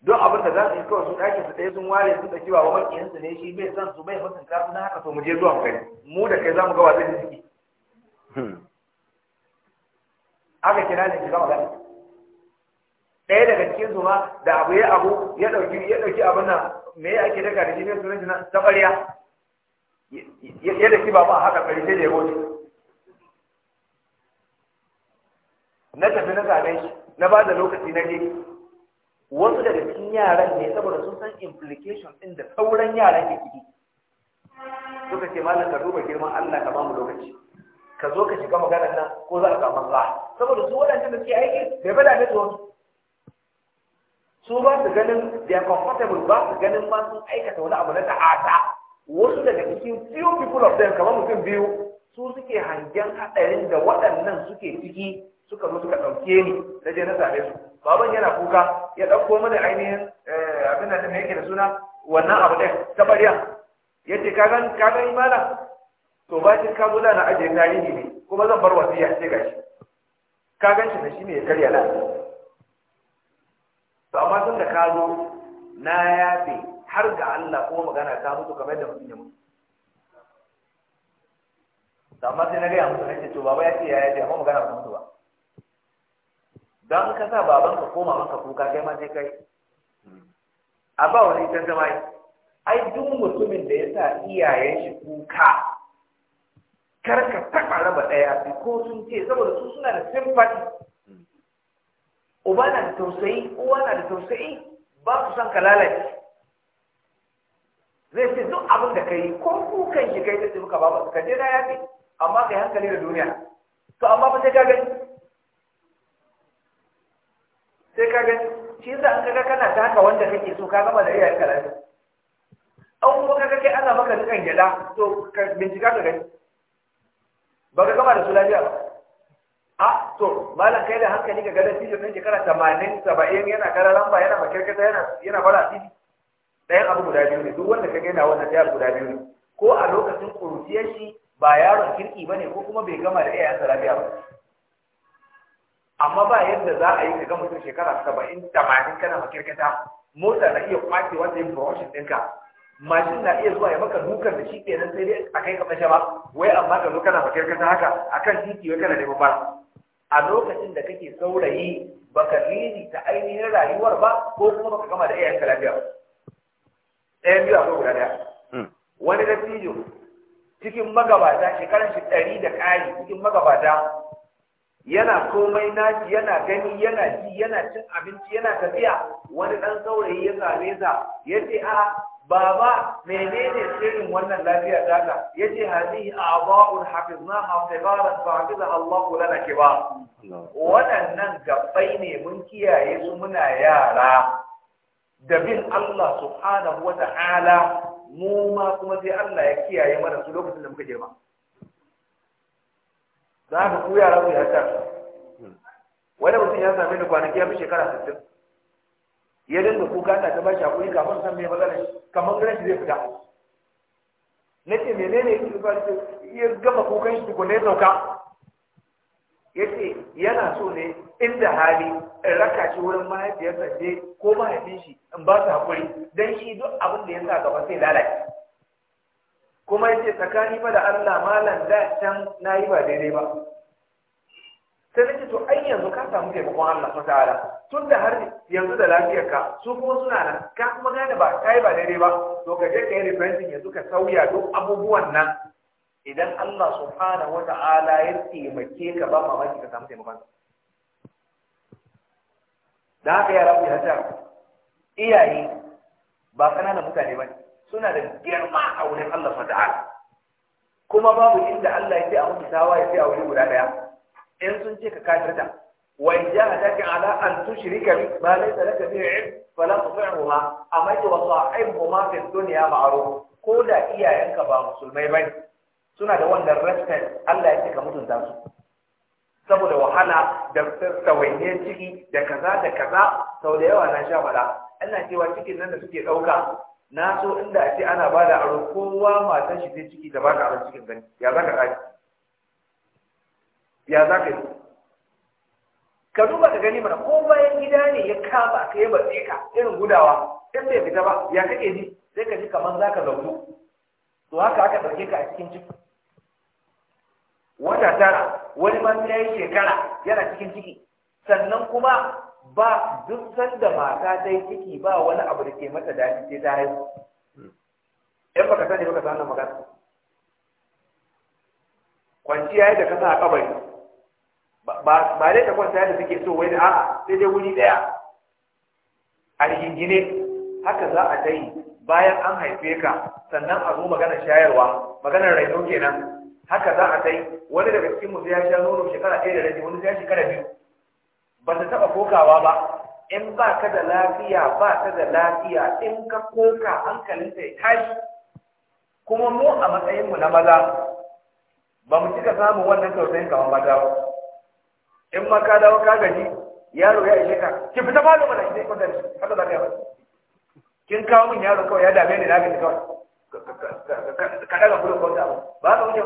don abin da za su yi kawai su ɗakin su ɗaya sun ware sun ɗauki wa makiyansu ne shi bai san su bai mutum su na haka to mu je zuwa kai mu da kai za mu ga wasu ciki. Hmm. aka kira ne shiga magana ɗaya daga cikin su ma da abu ya abu ya ɗauki ya ɗauki abin nan me ake daga da shi ne sunan shi na ta ƙwarya ya da kiba ba haka kari sai da ya shi na tafi na zane shi na ba da lokaci na je wasu daga cikin yaran ne saboda sun san implication ɗin da sauran yaran ke ciki suka ce malam ka duba girman Allah ka ba mu lokaci ka zo ka shiga maganar nan ko za a samu maslaha saboda su waɗanda da suke aiki bai bada da tuwon su ba su ganin they are comfortable ba su ganin ma sun aikata wani abu na ta'ata wasu daga cikin few people of them kamar mutum biyu su suke hangen haɗarin da waɗannan suke ciki suka zo suka ɗauke ni na je na same su baban yana kuka ya ɗauko mana ainihin eh, abin da mai yake da suna wannan abu ɗin ta ɓarya ya ce ka gan ka gan imana to bacin ka zo na ajiye tarihi ne kuma zan bar wasiya ce gashi ka gan shi da shi ne ya karya na to amma tun da ka zo na yafe har ga Allah kuma magana ta mutu kamar da mutum ya mutu to amma sai na gaya musu nake to baba ya ce ya ce amma magana ta mutu ba dan ka sa baban ka koma maka kuka kai ma sai kai a ba wani can zama ai duk mutumin da ya sa iyayen shi kuka kar ka taɓa raba ɗaya ko sun ce saboda su suna da sympathy uba na da tausayi uwa na da tausayi ba su son ka lalace zai ce duk abin da ka yi ko kukan shi kai zai muka ba ka je ya yafi amma kai hankali da duniya to amma ba sai ka gani sai ka gani shi yasa an kaga kana haka wanda kake so ka gama da iyayen ka lafiya an kuma kaga kai ana maka dukan gyada to ka bincika ka gani ba ka gama da su lafiya ba a to malam kai da hankali ka ga da tijin ɗin shekara tamanin saba'in yana kara lamba yana makirkata yana yana bara titi ɗayan abu guda biyu ne duk wanda ka yana wannan ɗayan guda biyu ne ko a lokacin ƙuruciyar shi ba yaron kirki ba ne ko kuma bai gama da 'yan sarabiya ba amma ba yadda za a yi ka gama tun shekara saba'in tamanin kana makirkita mota na iya kwace wanda yin washin ɗinka mashin na iya zuwa ya maka dukan da shi kenan sai dai a kai ka fashe ba wai amma ka zo kana makirkita haka akan titi wai kana neman bara a lokacin da kake saurayi baka lili ta ainihin rayuwar ba ko kuma baka gama da iyayenka lafiya ba ɗayan biyu guda ɗaya hmm. wani dattijo cikin magabata shekaran shi ɗari da ƙari cikin magabata yana komai naci, yana gani yana ji yana cin abinci yana tafiya wani ɗan saurayi ya same sa ya ce a baba menene sirrin wannan lafiya dana ya ce hadihi a ba'un hafizna hafizaran fafiza Allah lana ba. waɗannan gabbai ne mun kiyaye su muna yara da bin Allah subhanahu wa ta'ala mu ma kuma sai Allah ya kiyaye mana su lokacin da muka girma za ka ku yara ku ya tafi wani mutum ya same ni kwanaki ya fi shekara sittin ya dinga kuka ta ba shi hakuri kafin san me matsalar kamar ganin shi zai fita na ce menene ya gama kukan shi tukuna ya sauka yace yana so ne inda hali in raka shi wurin mahaifiyarsa je ko mahaifin shi in ba su haƙuri don shi duk abin da ya sa gaba sai lalace kuma yace tsakani fa da Allah malam da can nayi ba daidai ba sai nake to ai yanzu ka samu taimakon Allah fa ta'ala tun da har yanzu da lafiyarka su kuma suna nan ka kuma gane ba kai ba daidai ba to ka je ka yi repenting yanzu ka sauya duk abubuwan nan idan Allah subhanahu wata'ala ya taimake ka ba mamaki ka samu taimakon sa da haka yara ku yata iyaye ba kananan mutane ba suna da girma a wurin Allah subhanahu kuma babu inda Allah ya ce a mutu tawa ya ce a wuri guda daya in sun ce ka kafirta wa in jahadaka ala an tushrika bi ma laysa laka bihi ilm fala tuti'huma amma wa sahibhuma fi dunya ma'ruf ko da iyayenka ba musulmai bane suna da wannan respect Allah ya cika mutunta su saboda wahala da tsawainiyar ciki da kaza da kaza sau da yawa na sha fada ana cewa cikin nan da suke ɗauka na so inda a ce ana ba da aro kowa matan shi zai ciki da ba ka aro cikin gani ya za ka ƙaji ya za ka yi ka duba ka gani mana ko bayan gida ne ya kama ka yi batse ka irin gudawa sai sai fita ba ya kake ji sai ka ji kamar za ka zautu to haka aka ɗauke ka a cikin ciki wata tara wani ma sai yayi shekara yana cikin ciki sannan kuma ba duk sanda mata ta yi ciki ba wani abu da ke mata daɗi sai ta haihu in baka sani baka san magana kwanci yayi da kasa a kabari ba dai ta kwanta yadda suke so wani a'a sai dai wuri ɗaya a rigingine haka za a ta yi bayan an haife ka sannan a zo maganar shayarwa maganar raino kenan haka za a kai wani daga cikin mu ya sha nono shekara ɗaya da rabi wani ya shekara biyu ba ta taɓa kokawa ba in ba ka da lafiya ba ta da lafiya in ka koka hankalinta ya tashi kuma mu a matsayinmu na maza ba mu cika samun wannan tausayin kamar maza ba in ma ka dawo ka gaji yaro ya ishe ka ki fita falo mana ki dai kwanta haka za ka yi kin kawo min yaro kawai ya dame ni na gaji kawai ka daga kudin kwanta ba ka wuce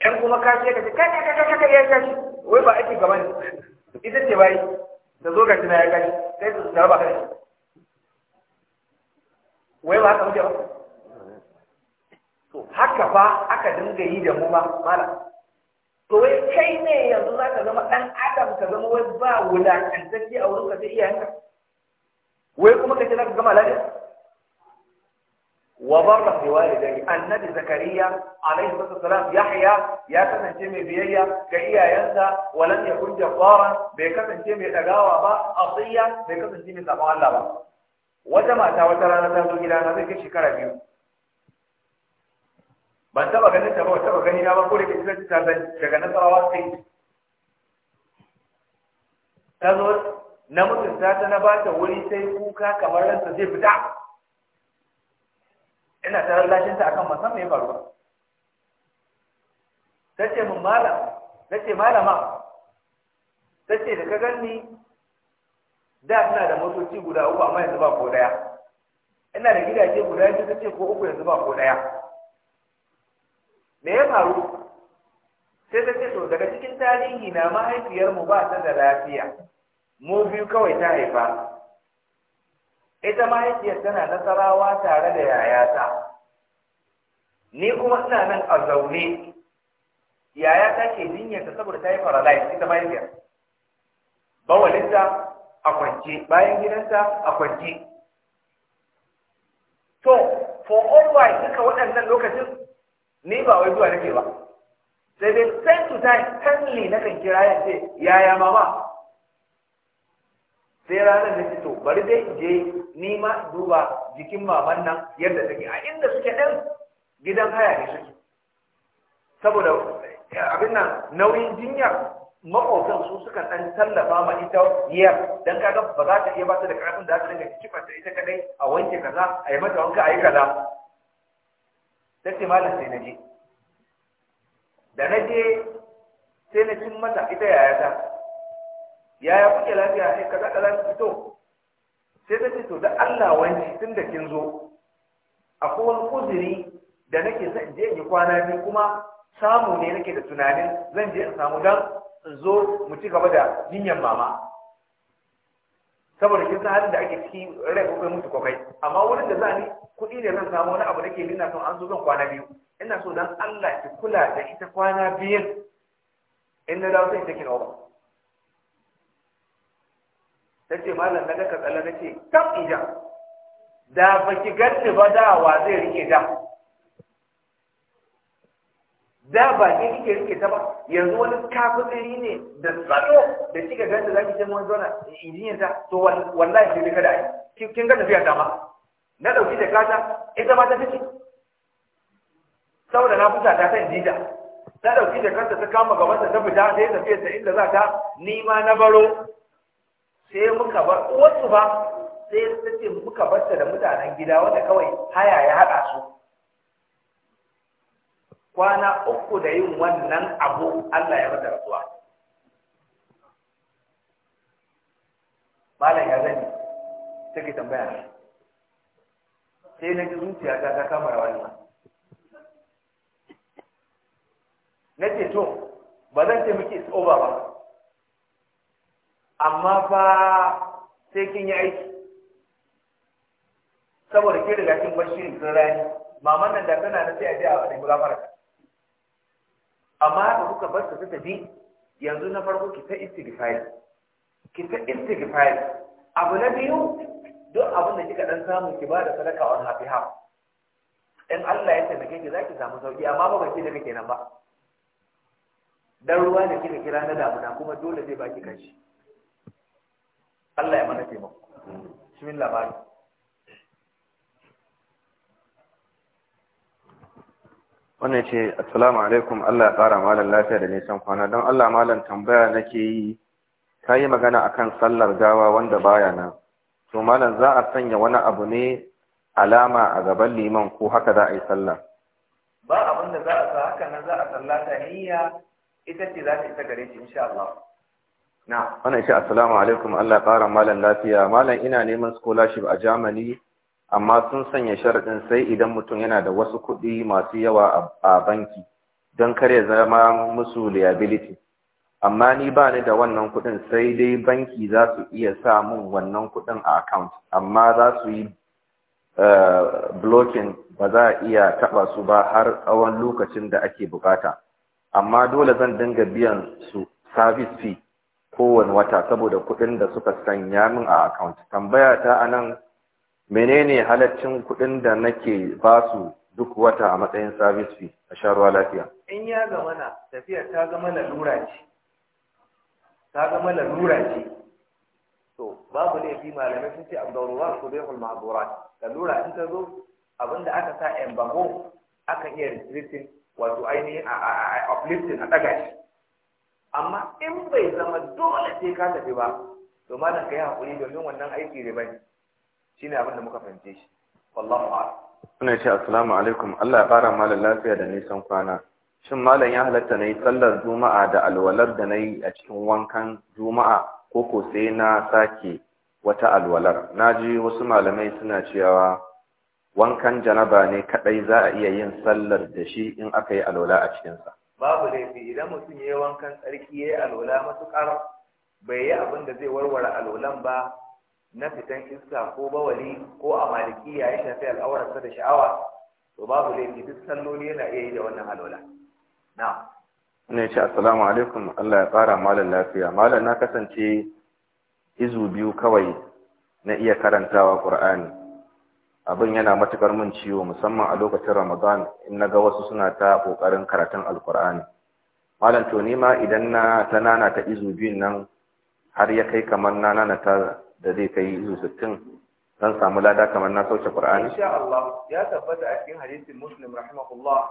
ɗan kuma ka ce ka ce kai kai kai kai ya gashi wai ba aiki gaba ne ita ce bai da zo gashi na ya gashi sai su tsara ba kai wai ba haka wuce ba to haka ba aka dinga yi da mu ba mala to wai kai ne yanzu za ka zama ɗan adam ka zama wai ba wulakantacce a wurin ka sai iyayenka ويقوم كتلك جمع لك وبرك بوالدك النبي زكريا عليه الصلاة والسلام يحيى يا كتن تيمي بيهي كهي ينسى ولم يكن جفارا بكتن تيمي تجاوى با أصيا بكتن تيمي تبعال لبا وجمع تاوتر أنا تهدو إلى نبي كشي كرميو بان تبا غني تبا وتبا غني يا بقولي كتبت تبا شكا نصر واسقي تذور na mutunta ta na bata wuri sai kuka kamar ransa zai fita ina ta ta akan masan ya faruwa tace mun malam tace malama tace da ka ganni da tana da motoci guda uku amma yanzu ba ko daya ina da gidaje guda biyu tace ko uku yanzu ba ko daya me ya faru sai ta ce to daga cikin tarihi na mahaifiyarmu ba ta da lafiya mu biyu kawai ta haifa ita mahaifiyar tana nasarawa tare da yayata ni kuma ina nan a zaune yayata ke jinyarta saboda ta yi faralai ita mahaifiyar bawalinta a kwance bayan gidanta a kwance to for all why duka waɗannan lokacin ni ba wai zuwa nake ba sai dai time to time timely na kan kira ya ce yaya mama sai ranar da fito bari dai je ni ma duba jikin maman nan yadda take a inda suke ɗan gidan haya ne suke saboda eh, abin nan nauyin jinyar maƙotan su suka ɗan tallafa ma ita yiyar don kaga ba za ta iya ba ta da ƙarfin da za ta dinga cikin ta ita kadai a wanke kaza a yi mata wanka a yi kaza ta ce malam sai na je da na je sai na cin mata ita yayata Ya kuke lafiya sai eh, kaza kaza ki fito sai ta ce to da Allah wani tun da kin zo akwai wani kuzuri da nake sa in je in yi kwana biyu kuma samu ne nake da tunanin zan je in samu dan in zo mu ci gaba da jinyar mama saboda kin san halin da ake ciki rai ko kai mutu ko kai, amma wurin da za ni kuɗi ne zan samu wani abu ke nuna son an zo zan kwana biyu ina so dan Allah ki kula da ita kwana biyun in na dawo sai take ta ce malam na daga tsala na ce kam ija da ba ki ganni ba da wa zai rike da da ba ki kike rike ta ba yanzu wani kafiri ne da tsaro da kika ganni za ki ce mun zona injiniyar ta to wallahi sai kada ai kin ga tafiya ta ma na dauki da kata ita ma ta fice saboda na fita ta san jija, ta dauki da kanta ta kama gaban ta fita sai tafiya ta inda za ta ni ma na baro sai muka bar uwarsu ba sai ta ce muka barta da mutanen gida wanda kawai haya ya haɗa su kwana uku da yin wannan abu Allah ya mata rasuwa malam ya gani take tambaya sai na ji zuciya ta ta kama rawa ne na ce to ba zan ce muke tsoba ba amma fa sai kin yi aiki saboda ke riga kin bar sun rani maman nan da tana na sai a je a ɗan gura ka amma haka kuka bar su tafi yanzu na farko ki ta istighfari ki ta istighfari abu na biyu duk abin da kika dan samu ki ba da sadaka on happy half in Allah ya taimake ki zaki samu sauki amma ba da kake nan ba dan ruwa da kika kira na damuna kuma dole zai baki kashi Allah ya mana taimako labari wannan ce assalamu alaikum Allah ya fara malam lafiya da nisan kwana don Allah malam tambaya nake yi ka yi magana kan sallar gawa wanda baya nan to malam za a sanya wani abu ne alama a gaban liman ko haka za a yi sallah ba abin da za a sa haka nan za a sallata niyya ita ce za ta isa gare shi insha Allah na wannan shi assalamu alaikum Allah ƙara malam lafiya malam ina neman scholarship a Germany amma sun sanya sharaɗin sai idan mutum yana da wasu kuɗi masu yawa a banki don kare zama musu liability amma ni ba ni da wannan kuɗin sai dai banki za su iya sa mun wannan kuɗin a account amma za su yi eh, blocking ba za a iya taɓa su ba har tsawon lokacin da ake bukata amma dole zan dinga biyan su service fee kowane wata saboda kuɗin da suka sanya min a account tambaya ta anan menene halaccin kuɗin da nake ba su duk wata a matsayin service fee a sharuwa lafiya in ya ga na tafiya ta mana lalura ce ta mana lalura ce to babu laifi malamai sun ce wa su bai hulma abdurra lalura in ta zo abinda aka sa embargo aka iya restricting wato ainihin a uplifting a ɗaga shi amma in bai zama dole sai ka tafi ba to malam kai hakuri domin wannan aiki riba ne shine abin da muka fahimce shi wallahu a'lam Suna ce assalamu alaikum Allah ya fara malam lafiya da nisan kwana shin malam ya halatta na yi sallar juma'a da alwalar da nayi a cikin wankan juma'a ko ko sai na sake wata alwalar na ji wasu malamai suna cewa wankan janaba ne kaɗai za a iya yin sallar da shi in aka yi alwala a cikin sa babu laifi idan mutum ya yi wankan tsarki ya yi alola matuƙar bai yi abin da zai warware alolan ba na fitan iska ko bawali ko a maliki yi shafi al'aurarsa da sha'awa to babu laifi duk salloli yana iya yi da wannan alola na ne ce assalamu alaikum Allah ya tsara malam lafiya malam na kasance izu biyu kawai na iya karantawa Qur'ani abin yana matukar mun ciwo musamman a lokacin ramadan in na ga wasu suna ta kokarin karatun alkur'ani malam to ni ma idan na ta nana ta izu biyun nan har ya kai kamar na nana ta da zai kai izu sittin zan samu lada kamar na sauke qur'ani insha Allah ya tabbata a cikin hadisin muslim rahimahullah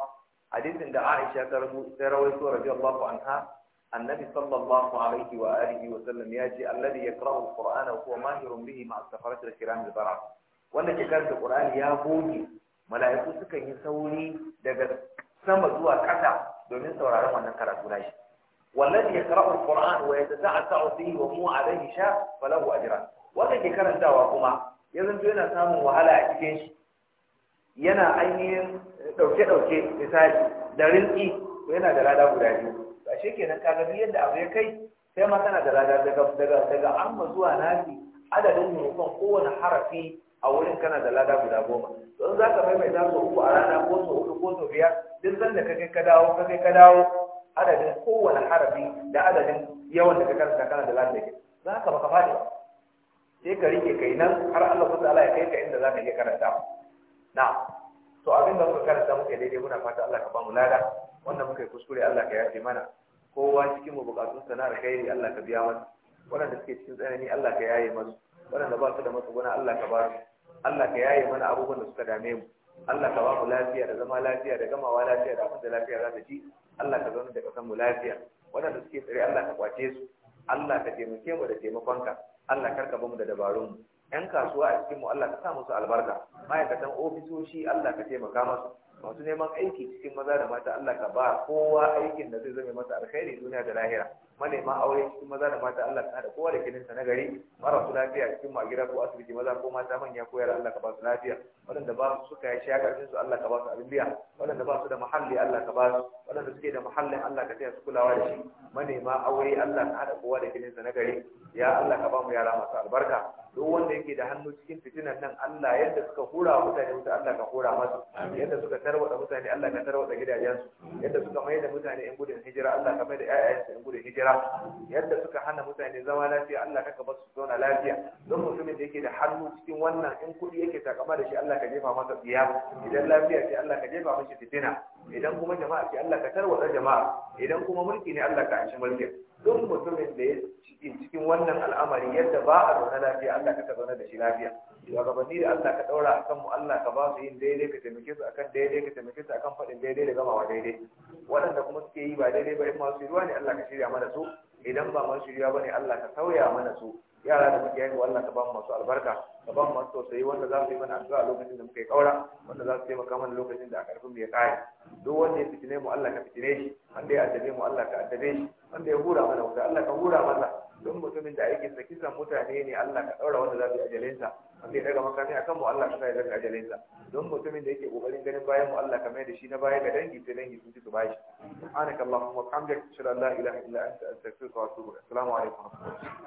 hadisin da Aisha ta rawaito radiyallahu anha annabi النبي صلى الله عليه وآله وسلم ياتي الذي يقرأ القرآن وهو ماهر به مع السفرة الكرام barakah wanda ke karanta qur'ani ya goge mala'iku sukan yi sauri daga sama zuwa ƙasa domin sauraron wannan karatu nashi wallazi yaqra'u al-qur'an wa yatasa'atu fihi wa mu alayhi sha falahu ajran wanda ke karantawa kuma yanzu yana samun wahala a cikin shi yana ainihin dauke dauke misali da rinki ko yana da rada guda biyu ba ashe kenan kaga duk yadda abu ya kai sai ma kana da rada daga daga daga amma zuwa nafi adadin mutum kowane harafi a wurin kana da lada guda goma don za ka maimaita su uku a rana ko su uku ko su biyar duk sanda ka kai ka dawo ka kai ka dawo adadin kowane harafi da adadin yawan da ka karanta kana da lada ke za ka baka fadi ba sai ka rike kai nan har Allah ku ta'ala ya kai ka inda za ka iya karanta na to abin da muka karanta muka daidai muna fata Allah ka ba mu lada wannan muka yi kuskure Allah ka yafe mana kowa cikin mu bukatun sana'ar alkhairi Allah ka biya mana da suke cikin tsanani Allah ka yaye masu da ba su da matsuguna Allah ka ba su Allah ka yaye mana abubuwan da suka dame mu Allah ka ba mu lafiya da zama lafiya da gamawa lafiya da abin lafiya za ta ci Allah ka zauna da kasan mu lafiya waɗanda suke tsare Allah ka kwace su Allah ka taimake mu da taimakonka Allah kar ka bamu da dabarun mu yan kasuwa a cikin mu Allah ka sa musu albarka ma'aikatan ofisoshi Allah ka taimaka masu. masu neman aiki cikin maza da mata Allah ka ba kowa aikin da zai zame masa alkhairi duniya da lahira manema aure cikin maza da mata Allah ka da kowa da kininsa na gari mara su lafiya cikin ma gida ko asibiti maza ko mata manya ko yara Allah ka ba su lafiya Wadanda ba su suka yi shaƙarfin su Allah ka ba su abin biya ba su da muhalli Allah ka ba su wadanda suke da muhallin Allah ka taya su kulawa da shi manema aure Allah ka da kowa da kininsa na gari ya Allah ka ba mu yara masu albarka duk wanda yake da hannu cikin fitinan nan Allah yadda suka hura mutane wuta Allah ka hura masu yadda suka tarwada mutane Allah ka tarwada gidajensu yadda suka mai da mutane in gudun hijira Allah ka mai da 'ya'ya'yansu in gudun hijira yadda suka hana mutane zama lafiya Allah ka basu su zauna lafiya don mutumin da yake da hannu cikin wannan in kuɗi yake takama da shi Allah ka jefa masa tsiya idan lafiya ce Allah ka jefa mashi fitina idan kuma jama'a ce Allah ka tarwatsa jama'a idan kuma mulki ne Allah ka anshi mulkin duk mutumin da ya cikin cikin wannan al'amari yadda ba a zauna lafiya Allah ka zaune da shi lafiya shugabanni da Allah ka daura akan mu Allah ka ba su yin daidai ka taimake su akan daidai ka taimake su akan faɗin daidai da gamawa daidai waɗanda kuma suke yi ba daidai ba in masu ruwa ne Allah ka shirya mana su idan ba masu shirya ba ne Allah ka sauya mana su yara da muke haihuwa Allah ka ba masu albarka ka ba mu masu tausayi wanda za su yi mana addu'a lokacin da muke yi kaura wanda za su taimaka mana lokacin da a karfin mu ya kare duk wanda ya fitine mu Allah ka fitine shi wanda ya addabe mu Allah ka addabe shi wanda ya hura mana wuta Allah ka hura masa duk mutumin da aikin sa kisan mutane ne Allah ka daura wanda za su yi ajalinsa wanda ya daga makami akan mu Allah ka sa ya daga ajalinsa don mutumin da yake kokarin ganin bayan mu Allah ka mai da shi na baya ga dangi sai dangi sun ci su bashi subhanakallahumma wa bihamdika ashhadu an la ilaha illa anta astaghfiruka wa atubu ilaik assalamu alaikum